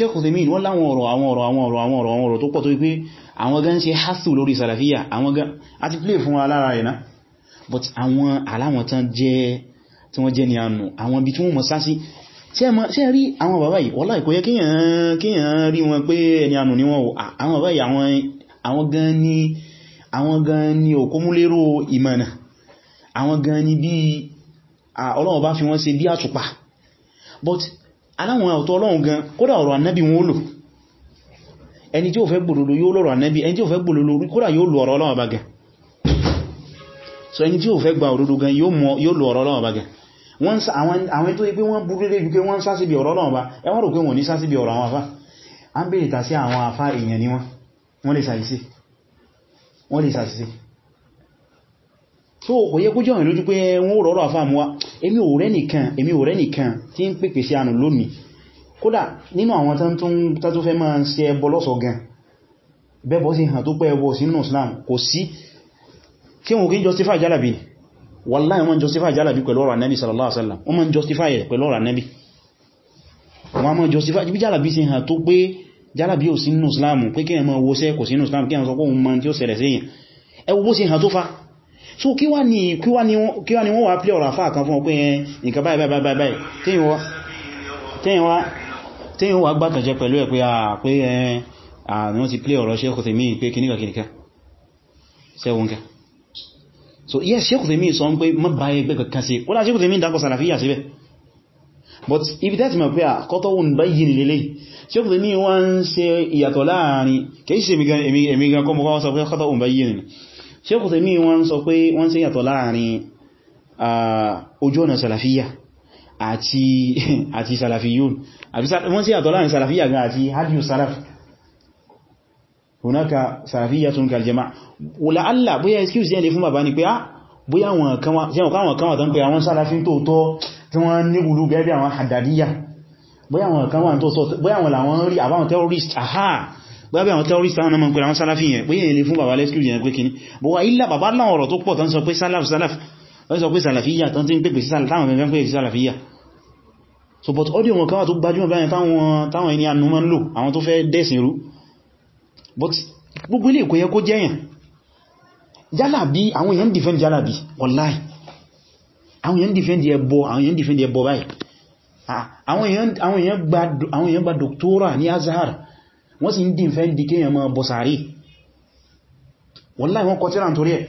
Speaker 1: sheikh uthimin wọ́n láwọn ọ̀rọ̀ àwọn ọ̀rọ̀ àwọn ọ̀rọ̀ àwọn ọ̀rọ̀ àwọn ọ̀rọ̀ tó pọ̀ tó wípé àwọn gan ṣe hasu lórí sàlàfíyà àwọn gan a ti play fún wa lára rẹ̀ but àwọn aláwọn tán jẹ́ tí wọ́n jẹ́ ni ànù àwọn ibi tí wọ́n mọ̀ sásí ṣe rí àwọn bàbá yìí wọ́lá ìkòyẹ kíyàn rí wọn pé ẹni ànù ni wọ́n àwọn bàbá yìí àwọn gan ni òkúmúlérò ìmọ̀nà àwọn gan ni bí ọlọ́run bá fi wọ́n ṣe bí àtùpà but aláwọn ọ̀tọ̀ ọlọ́run gan kódà ọ̀rọ̀ ànábì wọn lò ẹni tí ó fẹ́ gbòlòlò yóò lọ́rọ̀ ànábì ẹni tí ó fẹ́ gbòlòlò kódà yóò lò ọ̀rọ̀ ọlọ́run bá gan so ẹni tí ó fẹ́ gba òdodo gan yóò lò ọ̀rọ̀ ọlọ́run bá gan wọ́n àwọn tó ipé wọ́n burú lé wípé wọ́n sásíbí ọ̀rọ̀ náà bá ẹwọ́n rò pé wọ́n ní sásíbí ọ̀rọ̀ àwọn afá a ń bèèrè tà sí àwọn afá èèyàn ni wọ́n wọ́n lè sàìsí so kò yẹ kó jọ̀yìn lójú pé wọ́n rọ̀rọ̀ afá mú wa èmi ò rẹ́ nìkan èmi ò rẹ́ nìkan tí ń pèpè sí ànù lónìí kódà nínú àwọn tán tó fẹ́ máa ń ṣe ẹbọ lọ́sọ̀ gan bẹ́bọ́ sí hàn tó pẹ́ ẹbọ sínú Islam kò sí tí wọn kí justify jálàbí ni wallahi wọ́n justify jálàbí pẹ̀lú ọ̀rọ̀ annabi sallallahu alaihi wasallam wọ́n mọ́ justify ẹ̀ pẹ̀lú ọ̀rọ̀ annabi wọ́n mọ́ justify bí jálàbí sí hàn tó pé jálàbí ò sínú islam pé kí ẹmọ owó sẹ́kọ̀ sínú islam kí ẹmọ sọ pé òun mọ́ tí ó ṣẹlẹ̀ sẹ́yìn ẹwọ́ bó sí hàn tó fa so kí wá ní wọ́n wá pí ọ̀rọ̀ àfáà kan fún ọ pé nǹkan báyìí báyìí báyìí tẹ́yìn wá gbátànjẹ pẹ̀lú ẹ̀ pé àwọn ti pí ọ̀rọ̀ sẹ́kọ̀ tèmí pé kíníkà kíníkà sẹ́wọ̀n kan so yes Sheikh Uthaymeen sọ ń pé má bá ẹgbẹ́ kankan sí ó dá Sheikh Uthaymeen dákọ̀ sàlàfíyà síbẹ̀ but ibi tẹ́tì mọ̀ pé àkọ́tọ̀ wọn bá yìí nílé Sheikh Uthaymeen wọ́n ń ṣe ìyàtọ̀ láàrin kìí ṣe èmi gan kọ́ mọ́ wọ́n sọ pé àkọ́tọ̀ wọn bá yìí nílé Sheikh Uthaymeen wọ́n sọ pé wọ́n ṣe ìyàtọ̀ láàrin ojú ọ̀nà sàlàfíyà àti <laughs> àti sàlàfíyùn àbí wọ́n ṣe ìyàtọ̀ láàrin sàlàfíyà gan àti hadiyu sàlàfí hunaka salafiyatun kal jama'a wala alla bóyá excuse yẹn lè fún bàbá ni pé ah bóyá wọn kan wa se wọn kan wọn kan wa tan pé àwọn salafin to to tí wọ́n ní gulu gẹ́gẹ́ àwọn haddadiya bóyá wọn kan wa to so bóyá wọn la wọn rí àwọn terrorist aha bóyá bí àwọn terrorist àwọn man pé àwọn salafin yẹn bóyá lè fún bàbá le excuse yẹn pé kíni bo wa illa bàbá la ọ̀rọ̀ tó pọ̀ tan sọ pé salaf salaf wọ́n sọ pé salafiya tan tin pé pé salaf tan me pé salafiya so but audio wọn kan wa tó gbajúmọ̀ bayan táwọn táwọn ẹni anu man lò àwọn tó fẹ́ desin ru but gbogbo ilé kò yẹ kó jẹ́yàn jálàbí àwọn èèyàn defend jálàbí wallahi àwọn èèyàn defend ẹbọ àwọn èèyàn defend ẹbọ báyìí àwọn èèyàn gba doctora ní azhar wọ́n sì ń defend kéèyàn máa bọ sàárì wallahi wọ́n kọ tíra nítorí ẹ̀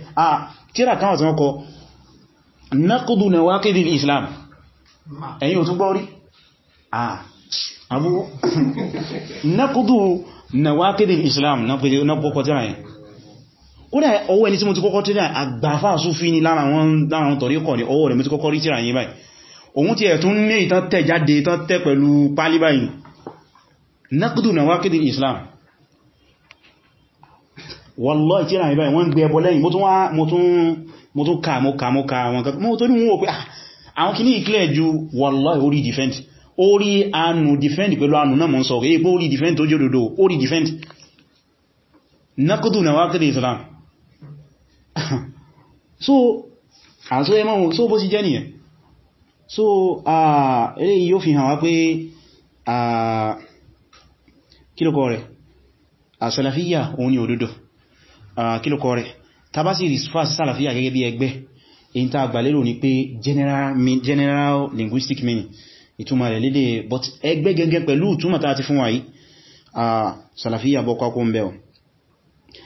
Speaker 1: tíra kan àti wọ́n kọ naqdu islam ẹ̀yìn ò abu nákùdù nàwákìdì islam nápọ̀kọ̀ tíra yẹn ó dá ọwọ́ ẹni tí mo ti kọ́kọ́ tíra àgbàfà súfí ni lára wọn tọ̀rí kọ̀ ní ọwọ́ rẹ̀ mo ti kọ́kọ́ rí tíra yẹn báyìí òun ti ẹ̀tún ní ìtàn tẹ̀ jáde ìtàn tẹ̀ pẹ̀lú pálí báyìí nákùdù nàwákìdì islam wallahi tíra yẹn báyìí wọ́n gbé ẹbọ lẹ́yìn mo tún ká mo ká mo ká àwọn kan mo tó ní wọn ò pé ah, àwọn kìíní ìkílẹ̀ ju wallahi orí defense ó rí anù defend pẹ̀lú anù náà mọ́ sọ rí pé ó rí defend tó jòdòdó ó rí defend nákùtù na wákìlì islam <laughs> so àṣọ ẹmọ́ so bó sì jẹ́ nìyẹn so eré yóò fi hàn wá pé kílùkọ rẹ̀ àsàlàfíyà òun ni òdodo kílùkọ rẹ̀ tabasi risfa sàlàfíyà gẹ́gẹ́ bí ẹgbẹ́ èyí tá general linguistic meaning ìtumà rẹ̀ lédè but ẹgbẹ́ gẹ́gẹ́ pẹ̀lú ìtumà tàà ti fún wa yìí a sàlàfíyà bọ́ kwakó ń bẹ̀rọ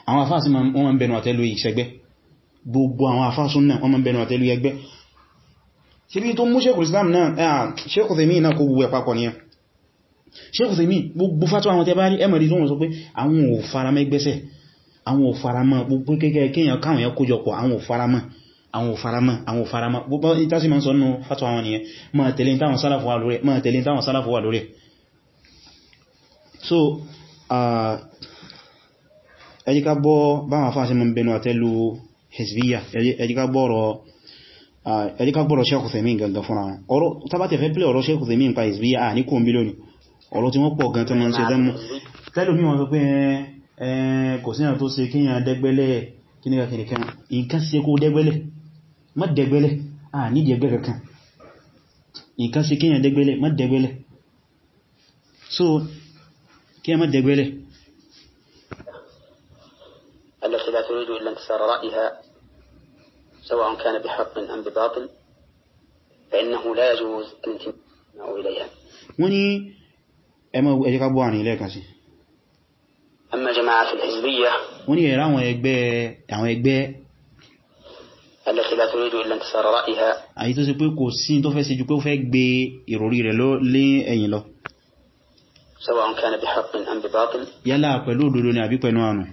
Speaker 1: àwọn afá sí wọ́n ń bẹnu àtẹ́lú ìṣẹ́gbẹ́ gbogbo àwọn afá súnnà wọ́n ń bẹnu àtẹ́lú ẹgbẹ́ síbí tó mú Sheikhul Islam náà Sheikhu Thaymeen náà kó gbogbo ẹ̀pàpọ̀ nìyẹn Sheikhul Thaymeen gbogbo fátọ́ àwọn tẹ́ bá àwọn òfaramọ́ àwọn òfaramọ́ gbogbo ìtàsí ma ń sọ nínú fatwa wọn nìyẹn ma tẹ̀lé ìtàwọn sálàfù wà lórí ma tẹ̀lé ìtàwọn sálàfù wà lórí so ẹjíká bọ́ báwọn afá sí ma ń bẹnu àtẹ́lú hezbiya ẹjíká gbọ́rọ̀ Sheikh Uthaymeen gangan fúnra wọn ọ̀rọ̀ tàbátẹ̀ fẹ́ pílẹ̀ ọ̀rọ̀ Sheikh Uthaymeen pa hezbiya à ní kò ń bí lónìí ọ̀rọ̀ tí wọ́n pọ̀ gan tó ma ń ṣe má à nídi ẹgbẹ́ kankan nǹkan sí kíyàn dẹ̀gbẹ́lẹ̀ má so
Speaker 2: التي لا تريد إلا انتصار رأيها سواء كان بحق أم بباطل فإنه لا يجوز الانتماء إليها وني
Speaker 1: أما أجربواني
Speaker 2: أما جماعة الحزبية
Speaker 1: وني àwọn ẹgbẹ́
Speaker 2: التي لا تريد إلا انتصار رأيها
Speaker 1: àyí tó sì pé kò sí tó fẹ́ sí jù pé ó fẹ́ gbé ìròrí rẹ̀ lé ẹ̀yìn lọ سواء كان بحق أم بباطل yálà pẹ̀lú òdodo ni àbí pẹ̀lú ànú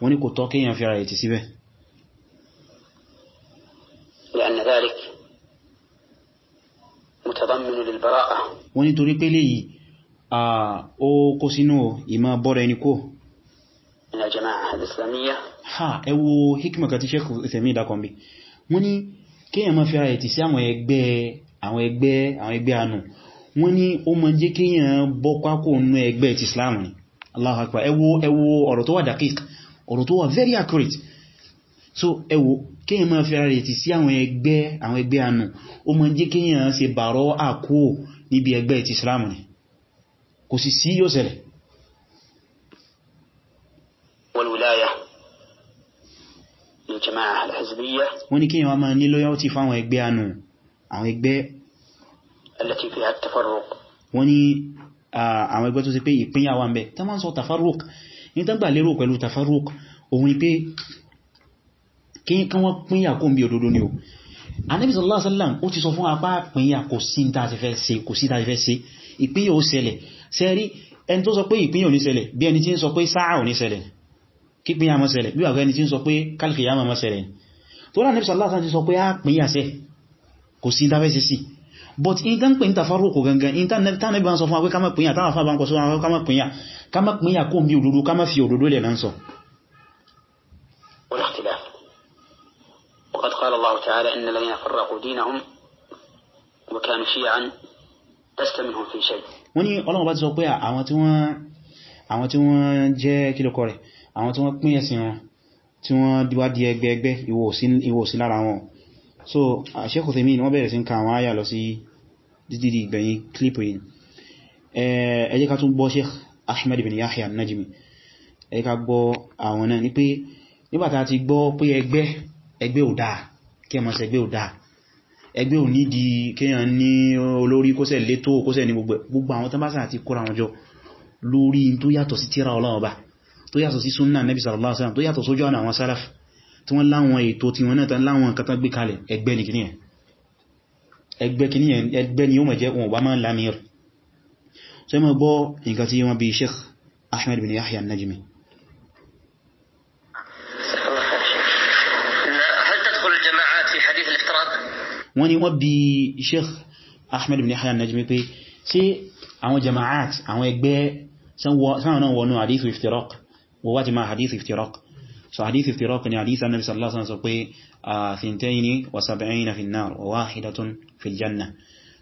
Speaker 1: wọ́n ní kò tọ́ kéèyàn fi ara ẹ̀tì síbẹ̀ wọ́n ní torí pé léyìí ó kó sínú ìmọ̀ bọ́rẹ̀ ẹni kó ha ẹ wo hikima kan tí Sheikh Uthaymin wọ́n fi ara ẹ̀tì sí àwọn ẹgbẹ́ àwọn ẹgbẹ́ àwọn ẹgbẹ́ anù wọ́n ní ó máa jẹ́ kéèyàn bọ́ pákó Islam ni ọ̀rọ̀ tó very accurate so ẹ wo kéèyàn fi ara ẹ̀tì sí àwọn ẹgbẹ́ àwọn ẹgbẹ́ anù ó máa jẹ́ kéèyàn ṣe bàárọ̀ àkó níbi ẹgbẹ́ Islam ni kò sì
Speaker 2: الجماعة الحزبية
Speaker 1: wọ́n ní kí wọ́n máa ní lọ́yọ́tì fáwọn ẹgbẹ́ anù àwọn ẹgbẹ́ التي فيها التفرق wọ́n ní àwọn ẹgbẹ́ tó sì pé ìpínyà wà ń bẹ tá máa ń sọ tafarruq ní tágbà lérò pẹ̀lú tafarruq òun pé kí wọ́n pínyà kó ń bí òdodo ni o Ànábì sallallahu alaihi wasallam ó ti sọ fún apá pínyà kò sí tàti fẹ́ ṣe kò sí tàti fẹ́ ṣe kí pín mọ́sẹ̀lẹ̀ bí wàgbẹ́ni tí ń sọ pé kálìkì yà mọ́sẹ̀lẹ̀ tó rà nípsà láti ti sọ pé a ah, pín yà kò sí dáfẹ́sẹ̀ sí but in gan pín tafarruqu gangan in ta nẹ́bí wọn sọ fún wa
Speaker 2: وقد قال الله تعالى إن الذين فرقوا دينهم وكانوا شيعا لست منهم في شيء
Speaker 1: wọ́n ni ọlọ́run bá ti sọ pé àwọn tí wọ́n jẹ́ kílòkọ́ rẹ̀ àwọn tí wọ́n pín ẹ̀sìn wọn tí wọ́n díwá di ẹgbẹẹgbẹ́ ìwọ lára wọn so Sheikh Uthaymeen wọ́n bẹ̀rẹ̀ sí ka àwọn ayà lọ sí dídí ìgbẹ̀yìn clip yìí ẹ jẹ́ ká tún gbọ́ Sheikh Ahmed bin Yahya An-Najmi ẹ jẹ́ ká gbọ́ àwọn náà ní pé nígbàtà ti gbọ́ pé ẹgbẹ́ ẹgbẹ́ ò dáa kí ẹmọ̀ ẹgbẹ́ ò dáa ẹgbẹ́ ò nídìí kéèyàn ní olórí kóṣẹ̀ létò kóṣẹ̀ ní gbogbo àwọn tán bá kóra wọn jọ lórí tó yàtọ̀ sí tíra Ọlọ́run tó yàtọ̀ sí súnnà nẹ́bí sallallahu alaihi wasallam tó yàtọ̀ sójú ọ̀nà àwọn salaf tí wọ́n láwọn ètò tí wọ́n náà tán láwọn nǹkan tán gbé kalẹ̀ ẹgbẹ́ ni kìníyàn ẹgbẹ́ kìníyàn ẹgbẹ́ ni ó mọ̀ jẹ́ wọn bá máa lamir so mọ̀ gbọ́ nǹkan tí wọ́n bí Sheikh Ahmed bin Yahya Najmi wọ́n ni wọ́n bí Sheikh Ahmed bin Yahya Najmi pé sí àwọn jama'at iftiraq وواتي مع حديث افتراق so حديث افتراق يعني حديث النبي صلى الله عليه وسلم pé ثنتين وسبعين في النار وواحدة في الجنة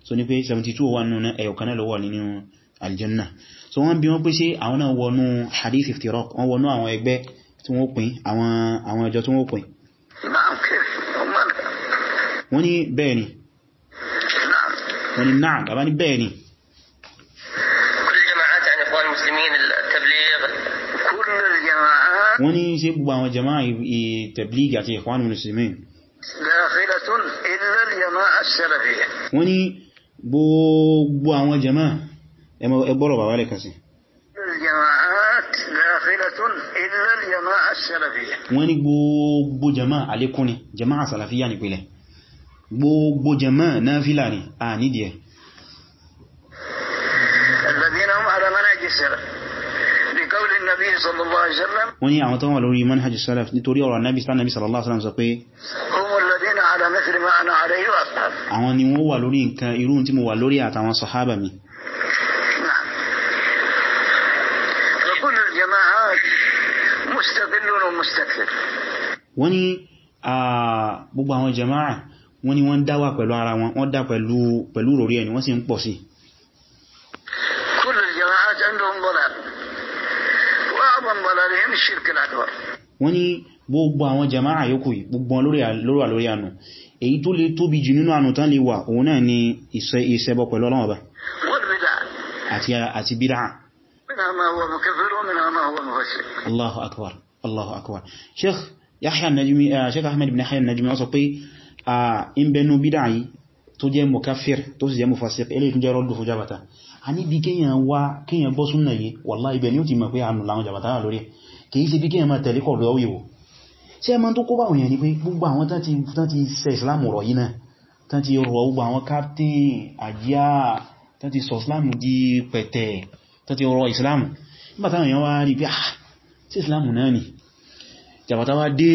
Speaker 1: so ní pé 72 wà nínú ẹyọkan náà ló wà nínú aljanna so wọ́n bi wọ́n pé ṣé àwọn náà wọnú hadith iftiraq wọ́n wọnú àwọn ẹgbẹ́ tí wọ́n pín àwọn ẹjọ́ tí wọ́n pín wọ́n ni bẹ́ẹ̀ ni wọ́n ní ṣe gbogbo àwọn jama'a tabligh àti ikhwanul muslimin
Speaker 2: dakhilatun illa al-jama'a as-salafiyyah
Speaker 1: wọ́n ní gbogbo àwọn jama'a ẹgbọ́rọ̀ bàbá lẹ́kan sí wọ́n ní gbogbo jama'a alékún ni jama'a salafiyya ní pẹ̀lẹ̀ gbogbo jama'a nafila ni a nídìí
Speaker 2: قول النبي صلى الله عليه وسلم
Speaker 1: وني àwọn tó wà lórí manhaj salaf nítorí ọ̀rọ̀ nabi sallallahu nabi sallallahu alaihi wasallam sọ pé
Speaker 2: hum alladhina ala mithli ma ana alayhi wa ashab
Speaker 1: àwọn ni wọ́n wà lórí nǹkan irú tí mo wà lórí àtàwọn sahaba mi
Speaker 2: فكل الجماعات مستقل ومستكثر
Speaker 1: wọ́n gbogbo àwọn jama'a wọ́n ni wọ́n dáwà pẹ̀lú ara wọn wọ́n dá pẹ̀lú rọrí ẹni wọ́n sì ń pọ̀ sí
Speaker 2: كفارهم الشرك الأكبر
Speaker 1: wọ́n ní gbogbo àwọn jama'a yòókù gbogbo lórí àlórí àlórí ànù èyí tó lè tóbi jù nínú ànù tán lè wà òun náà ni ìṣẹbọ pẹ̀lú Ọlọ́run Ọba àti bídá Allahu akbar Allahu akbar Sheikh Yahya Najmi eh, Sheikh Ahmed ibn Yahya Najmi wọ́n sọ pé a ah, in bẹnu bídá yìí tó jẹ́ mukaffir tó sì jẹ́ mufassiq eléyìí a níbi kíyàn wá kíyàn gbọ́ súnnà yìí wàlá ibẹ̀ ni ó ti mọ̀ pé àánú láwọn jàbàtàrà lórí kìí ṣe bí kíyàn máa tẹ̀lé kọ̀rọ̀ òyìnbó ṣe ẹmọ tó kó báwọn èèyàn ni pé gbogbo àwọn tán ti ṣe islam rọ̀ yìí náà tán ti rọ̀ gbogbo àwọn captain àjíyà tán ti sọ islam di pẹ̀tẹ̀ tán ti islam nígbà táwọn èèyàn wá rí pé ah sí islam náà ni jàbàtà wá dé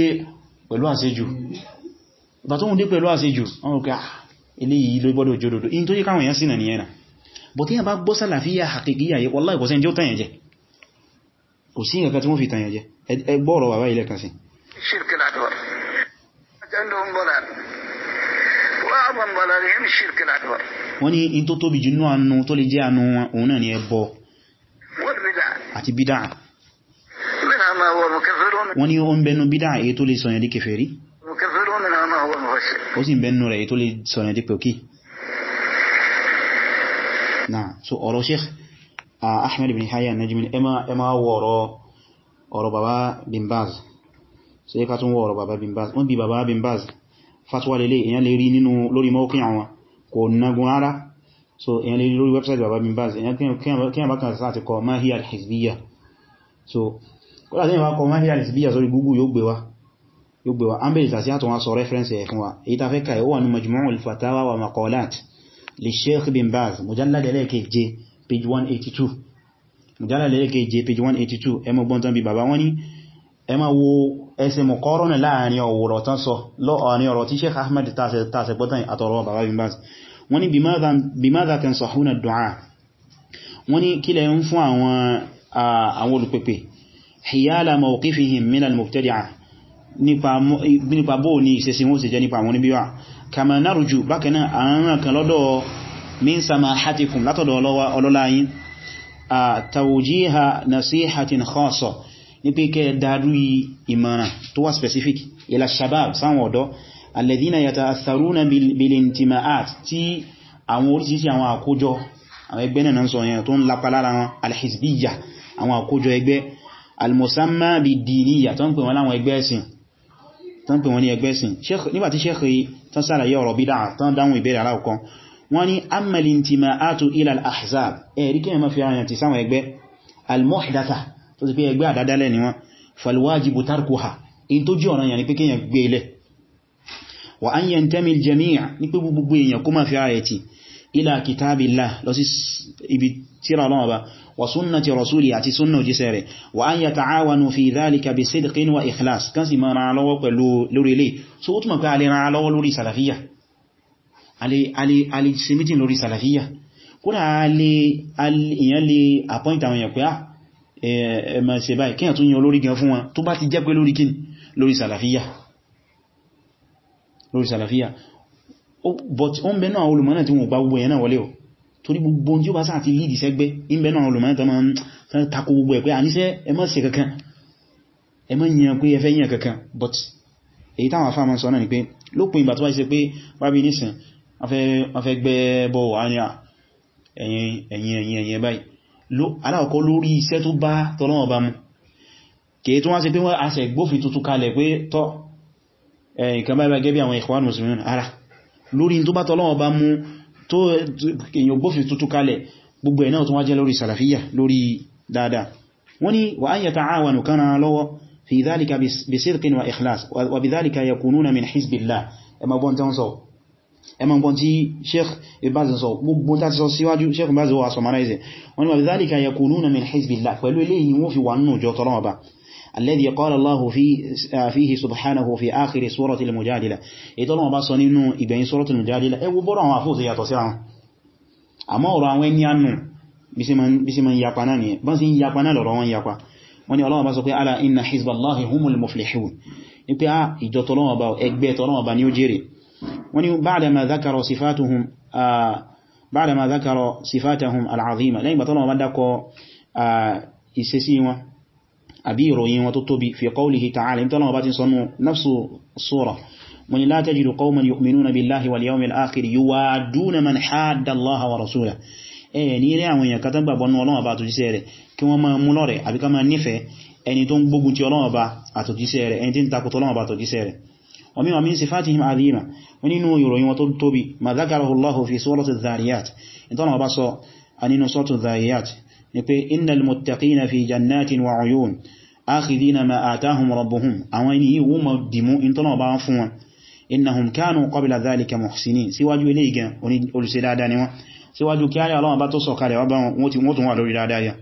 Speaker 1: pẹ̀lú àṣejù ìbà tó ń dé pẹ̀lú àṣejù àwọn òkè ah eléyìí ló bọ̀ tí yà bá gbọ́ sàlàfíyà àkìkíyà yẹ wallahi kò sẹ́ni tí ó tàn yẹn jẹ kò sí nǹkan tí wọ́n fi tàn yẹn jẹ ẹgbọ́rọ̀ bàbá ilẹ̀ kan sí
Speaker 2: shirkul akbar
Speaker 1: wọ́n ní in tó tóbi jù nínú àánú tó lè jẹ́ àánú wọn òun náà ni ẹbọ àti bídá wọ́n ní o ń bẹnu bídá èyí tó lè sọ̀yàn di kèfèrí ó sì ń bẹnu rẹ̀ tó lè sọ̀yàn di pẹ̀kí náà so ọ̀rọ̀ sheikh uh, ahmed bin haya najmi ẹ ma wọ ọ̀rọ̀ baba bin baz so yẹ ká tún wọ ọ̀rọ̀ baba bin baz wọ́n bí baba bin baz fatwa lele èyàn lè rí nínú lórí mọ́kín àwọn kò nagun rárá so èyàn lè rí lórí website baba bin baz èyàn kíyàn bá kan sáti kọ ma hiya al-hizbiyya so kọ́lá tí ìwà kọ ma hiya al-hizbiyya sórí google yóò gbé wa yóò gbé wa an bèèrè tàbí àtọ̀wọ́n sọ reference ẹ̀ fún wa èyí ta fẹ́ ka ẹ̀ wà ní majmu'ul fatawa wa maqalat lè Sheikh bin Baz mujallad ẹlẹ́keje page 182 mujallad ẹlẹ́keje page 182 ẹmọ gbọ́ntán bí bàbá wọ́n ní ẹmọ wo ẹsẹ mọ̀kọ́rọ̀nà láàrin ọ̀rọ̀ tán sọ lọ́ọ̀rin ọ̀rọ̀ tí Sheikh Ahmad tàṣẹ pọ́tàn àtọ̀rọ̀ bàbá bin Baz wọ́n ní bimadha tansahuna ad-du'a wọ́n ní kílẹ̀ ń fún àwọn olùpẹ̀pẹ̀ hiyala mawqifihim min al-mubtadi'ah nípa bóò ní ìṣẹ́sí wọ́n sì jẹ́ nípa àwọn oníbíwà kàmà nárùjù bákanáà àwọn kan lọ́dọ̀ min samahatikum látọ̀dọ̀ ọlọ́lá yín a tawjiha nasihatin khassa ní pé kẹ́ dáadú ìmọ̀ràn tó wà specific ila shabab sáwọn ọ̀dọ́ alladhina yata'atharuna bil intima'at tí àwọn orísìírísìí àwọn àkójọ àwọn ẹgbẹ́ náà sọ yẹn tó ń lapa lára wọn alhizbiyya àwọn àkójọ ẹgbẹ́ almusamma bid diniyya nígbàtí sheikh tán sàlàyé ọ̀rọ̀ bídá tán dáhùn ìbẹ̀rẹ̀ aláwọ̀kan wọ́n ni amẹ́lì ti ma á tó ilẹ̀ al-ahzab ẹ̀rí kí ẹ ma fi ara ti sáwọn ẹgbẹ́ al-muhdatha tó ti pé ẹgbẹ́ àdádálẹ̀ ni wọ́n falwajibu tarkuha in tó jí ọ̀rọ̀ yẹn ni pé kíyàn gbé ilẹ̀ wa an yantami al-jami' ní pé gbogbo èèyàn kó ma fi ara ti ila kitabillah lọ sí ibi tíra ọlọ́wọ́ wa sunnati rasuli àti sunna òjíṣẹ́ rẹ̀ wa an yata'awanu fi dhalika bi sidqin wa ikhlas kan sì máa ran lọ́wọ́ pẹ̀lú lórí ilé so ó túnmọ̀ pé a lè ran lọ́wọ́ lórí salafiya a lè ṣe meeting lórí salafiya kódà èèyàn lè appoint àwọn èèyàn pé à ah, ẹ̀mọ̀ ṣe báyìí kíyàn tún yan olórí gan fún wọn tó bá ti jẹ́ pé lórí kín lórí salafiya lórí salafiya but o ń bẹ náà olùmọ́nà tí wọ́n gbá gbogbo ẹ̀yẹn náà wọlé o torí gbogbo tí ó bá sáà ti lìdì sẹ́gbẹ́ ìbẹ̀ náà olùmọ̀ tán máa tako gbogbo ẹ̀ pé àníṣẹ́ ẹ má ṣe kankan ẹ má yàn pé ẹfẹ́ yàn kankan but èyí táwọn afá máa náà ni pé lópin ìgbà tó wáyé sí pé bábí nísìn afẹ́ gbẹ́ bọ́ àníà ẹ̀yìn ẹ̀yìn ẹ̀yìn báyìí aláwọ̀kọ́ lórí iṣẹ́ tó bá tọ́lọ́wọ̀ bá mú kìí tó wá sí pé wọ́n aṣẹ ìgbófin tuntun kalẹ̀ pé tọ́ ẹ̀yìn bá mú tó èyàn gbófin tuntun kalẹ̀ gbogbo ẹ̀ náà tó wá jẹ́ lórí sàlàfíyà lórí dáadáa wọ́n ni wa an yata'awanu kan lọ́wọ́ fi dhalika bi sidqin wa ikhlas wa bi dhalika yakununa min hizbillah ẹmọ gbọ́n tí wọ́n sọ ẹmọ gbọ́n tí sheikh ibaz sọ gbogbo tí min hizbillah الذي قال الله فيه سبحانه في آخر سورة المجادلة يتلون بصن إنه إبين سورة المجادلة أي وبرع وعفوز يتسعى أما أرى وين ينو بسمن يقناني بس يقنا لرى وين يقى wọ́n ni ọlọ́wọ́ bá sọ pé ala inna hizballahi humul muflihun ní pé a ah, ìjọ tọ́lọ́wọ́ bá ẹgbẹ́ tọ́lọ́wọ́ bá ní ó jèrè wọ́n ni ah, ba'da ma dhakara sifatahum al'azima lẹ́yìn bá tọ́lọ́wọ́ bá dákọ ah, ìsẹsí wọn àbí ìròyìn wọn tó tóbi fi qawlihi ta'ala ìtọ́nà ọba ti sọnù nafsu sura wọ́n ni la tajidu qawman yu'minuna billahi wal yawmil akhir yuwaduna man hadda allaha wa rasulahu ẹ̀yẹ̀ ní ilé àwọn èèyàn kátán gbàgbọ́ ní Ọlọ́run Ọba àtòjíṣẹ́ rẹ̀ kí wọ́n máa mú ومن صفاتهم عظيمة ونينو يروي وتلتبي ما ذكره الله في سورة الذاريات انتنا بصو أنينو سورة الذاريات يقول إن المتقين في جنات وعيون آخذين ما آتاهم ربهم أوينه وما دمو انتنا بعفوا إنهم كانوا قبل ذلك محسنين سواجو إليك ولسلادان سواجو كالي الله باتوسو كالي وطموتوا على الإلادايا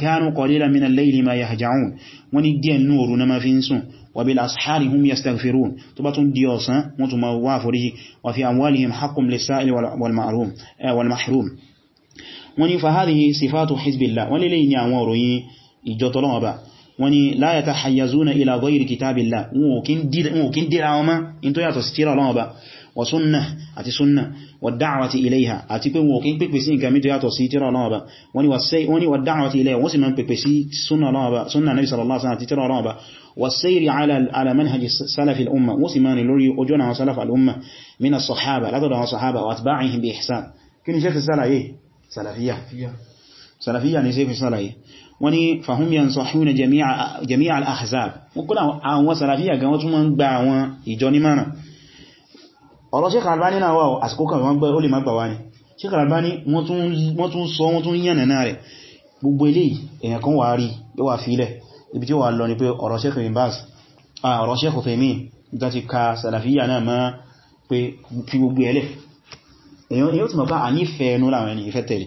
Speaker 1: كانوا قليلا من الليل ما يهجعون ونجي النور نما فينسون وبالأصحار هم يستغفرون تبطن ديوسا وتموافره وفي أموالهم حق للسائل آه، والمحروم wọ́n ní fahadihi sifatu hezbollah wọ́n lélẹ́ ní àwọn òròyìn ìjọtọ̀lọ́wọ́ bá wọ́n ní la yatahayazuna ila ghayri kitabillah wọn kí dìra wọn má in tó yàtọ̀ sí tíra ọlọ́wọ́ bá wa sunnah àti sunnah wọn kí ní wa da'wati ilayha wọ́n salafiya salafiya ni sai fi salaye wani fahim yan sahihuna jami'a al-ahzab kula àwọn salafiya gan wọ́n tún man gba àwọn ìjọ ní mana ọ̀rọ̀ Sheikh Albani náà wà àsìkò kan wọ́n gbé ó lè má gbà wá ni Sheikh Albani wọ́n tún wọ́n tún sọ wọ́n tún yan na rẹ̀ èyàn yóò ti mọ̀ pé a nífẹ̀ẹ́ ẹnu láwọn ẹni ìfẹ́ tẹ̀lé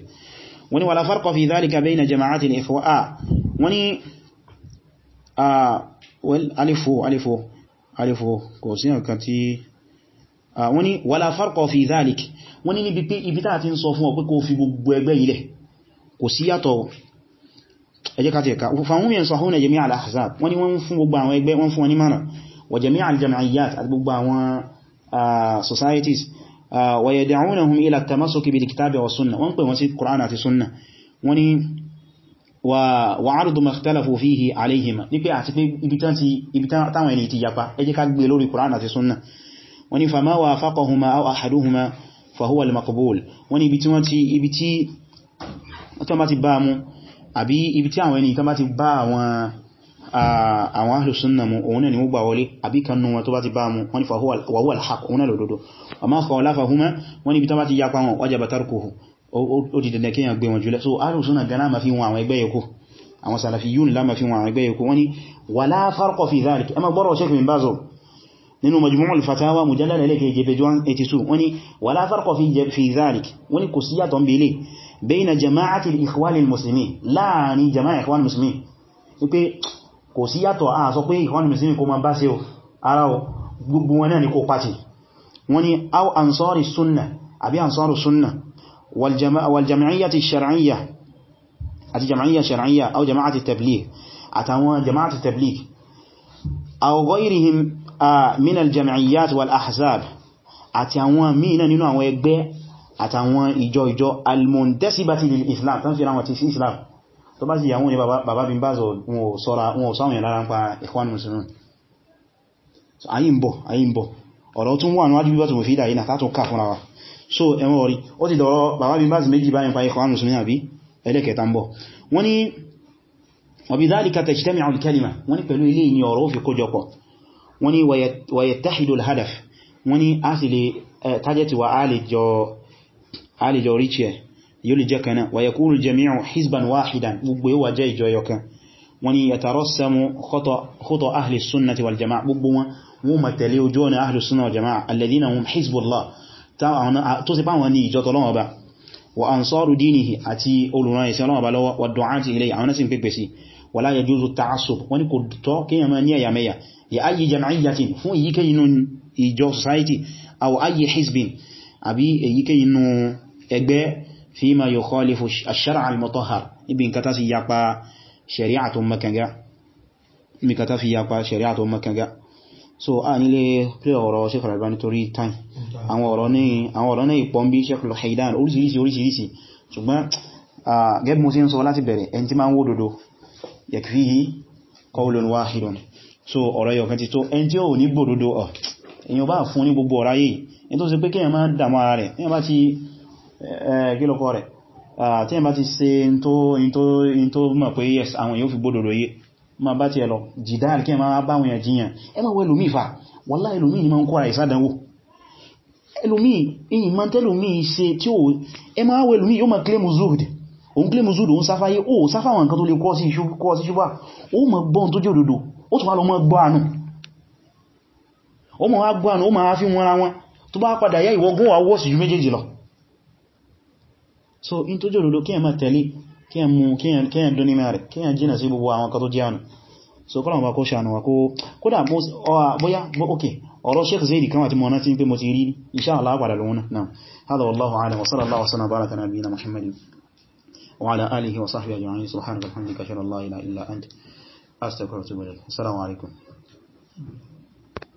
Speaker 1: wọ́n ni wala farqa fi dhalika bayna jama'ati al-ikhwa wọ́n ni alifo alifo alifo kò sí nǹkan tí wọ́n ni wala farqa fi dhalik wọ́n ni níbi pé ibi táà ti ń sọ fún ọ pé kó fi gbogbo ẹgbẹ́ ilẹ̀ kò sí yàtọ̀ societies ويدعونهم إلى التمسك بالكتاب والسنة وانقل وسيد قرآن àti sunna wọ́n ní وعرض ما اختلفوا فيه عليهما ní pé àti pé ibi táwọn ẹni ti yapa ẹ jẹ́ ká gbé lórí قرآن àti sunna wọ́n ní فما وافقهما أو أحدهما فهو المقبول wọ́n ní ibi tí wọ́n ti ibi tí wọ́n ti bá mú àbí ibi tí àwọn ẹni tán bá ti bá àwọn Ah, àwọn ahlu sunna mu òun ni mú gbà wọlé àbí kan nù wọn tó bá ti bá mu wọ́n ni wàhúwà alhaq òun náà lòdòdó ọmọ ọkọ̀ láfàhúnmá wọ́n ni ibi tó bá ti yapa wọn ọjà bàtàrùkù ó di dandan kíyàn gbé wọn jùlẹ so ahlu sunna gana ma fi wọn àwọn ẹgbẹ́ yòókù àwọn salafiyun la ma fi wọn àwọn ẹgbẹ́ yòókù wọ́n ni wala farqa fi dhalik ẹ ma gbọ́rọ̀ sheikh bin bazo nínú majmu'ul fatawa mujallal ẹlẹ́kẹ̀ẹ́ jẹ́ page 182 wọ́n ni wala fi dhalik wọ́n kò sí yàtọ̀ ń belé bayna jama'ati al-ikhwan al-muslimin láàrin jama'a ikhwan muslimin wípé kò sí yàtọ̀ a sọ pé ìkwọ́n mùsùlùmí kó ma bá sí ara gbogbo wọn náà ni kó pàtì wọ́n ni aw ansari sunna àbí ansari sunna wal jam'iyyati shar'iyya àti jam'iyya shar'iyya aw jama'ati tabligh àtàwọn jama'ati tabligh aw ghayrihim min al jam'iyyat wal ahzab àti àwọn míì nínú àwọn ẹgbẹ́ àtàwọn ìjọ ìjọ al muntasibati lil islam tán fi ra wọn ti sí islam tó bá sì yàwó ní bàbá bí bá zọ wọn ò sáwọn lára ń pa Ikhwan Muslimin so ayi ń bọ̀ ayi ń bọ̀ ọ̀rọ̀ tún wà níwájú bí bá tó fi ìdá yìí tátún ká fúnra wa so ẹwọ́n orí ó ti dọ̀rọ̀ bàbá bí bá sì méjì báyìí pa Ikhwan Muslimin تجتمع الكلمة wọ́n ni pẹ̀lú ilé ni ọ̀rọ̀ ويتحد الهدف wọ́n ni a sì lè eh, target wa a yóò lè jẹ́ kan náà wayakunu al-jami'u hizban wahidan gbogbo yóò wà jẹ́ ìjọ yọkan wọ́n ni yatarassamu khuta ahli sunnati wal jama'a gbogbo wọn wọ́n ma tẹ̀lé ojú ọ̀nà ahli sunna jama'a alladhina hum hizbullah tó sì báwọn ní ìjọ tọ́lọ́wọ́ ba wa ansaru dinihi àti olùran ẹgbẹ́ فيما يخالف الشرع المطهر ابن كتاسي يقبى شريعة مكانجا ابن كتاسي يقبى شريعة مكانجا so a nílé play ọ̀rọ̀ Sheikh Al-Albani torí time àwọn ọ̀rọ̀ náà ìpọ̀n bí Sheikh Al-Haidan oríṣiríṣi oríṣiríṣi ṣùgbọ́n gẹ́gẹ́ mo sí ń sọ láti bẹ̀rẹ̀ ẹni tí máa ń wó dodo yakfihi qawlun wahidun so ọ̀rọ̀ yọ̀kan ti tó ẹni tí ó ní gbòdodo ọ̀ èyàn bá fún ní gbogbo ọ̀ráyé ẹni tó ṣe pé kéèyàn máa dàmọ́ ara rẹ̀ Eh, kílọ̀kọ́ rẹ̀ tí ẹ bá ti ṣe in tó mọ̀ pé yes àwọn yóò fi gbódòdó yé ma bá ti ẹ̀lọ jìdáàlì kí ẹ máa bá àwọn ẹ̀jìyàn ẹ máa wọ ẹlòmí ìfà wọ́lá ẹlòmí ni ma ń kọ́ra ìsádánwò ẹlòmí ìyìn ma tẹ́lòmí ṣe tí ó ẹ máa wọ ẹlòmí yóò ma kílẹ̀mù zuhud òun kílẹ̀mù zuhud ma gbọ́n tó jẹ́ òdòdó ó tún wá lọ mọ́ gbọ́ àánú ma wá gbọ́ àánú ó ma wá fi wọn ra wọn tó bá padà so in tó jòrò kí ẹ máa tẹ̀lé kí ẹ mú kí ẹ dún ní mẹ́rẹ̀ kí ẹ jìnà sí gbogbo àwọn kan tó jẹ́ ànù so kọ́nà bá kó ṣàánú wa kó kódà bóyá okay ọ̀rọ̀ sheikh zaidi kan àti mọ̀ná tí ń pé mo ti rí insha Allah padà lóhun náà hada wallahu a'lam wa sallallahu wa sallam baraka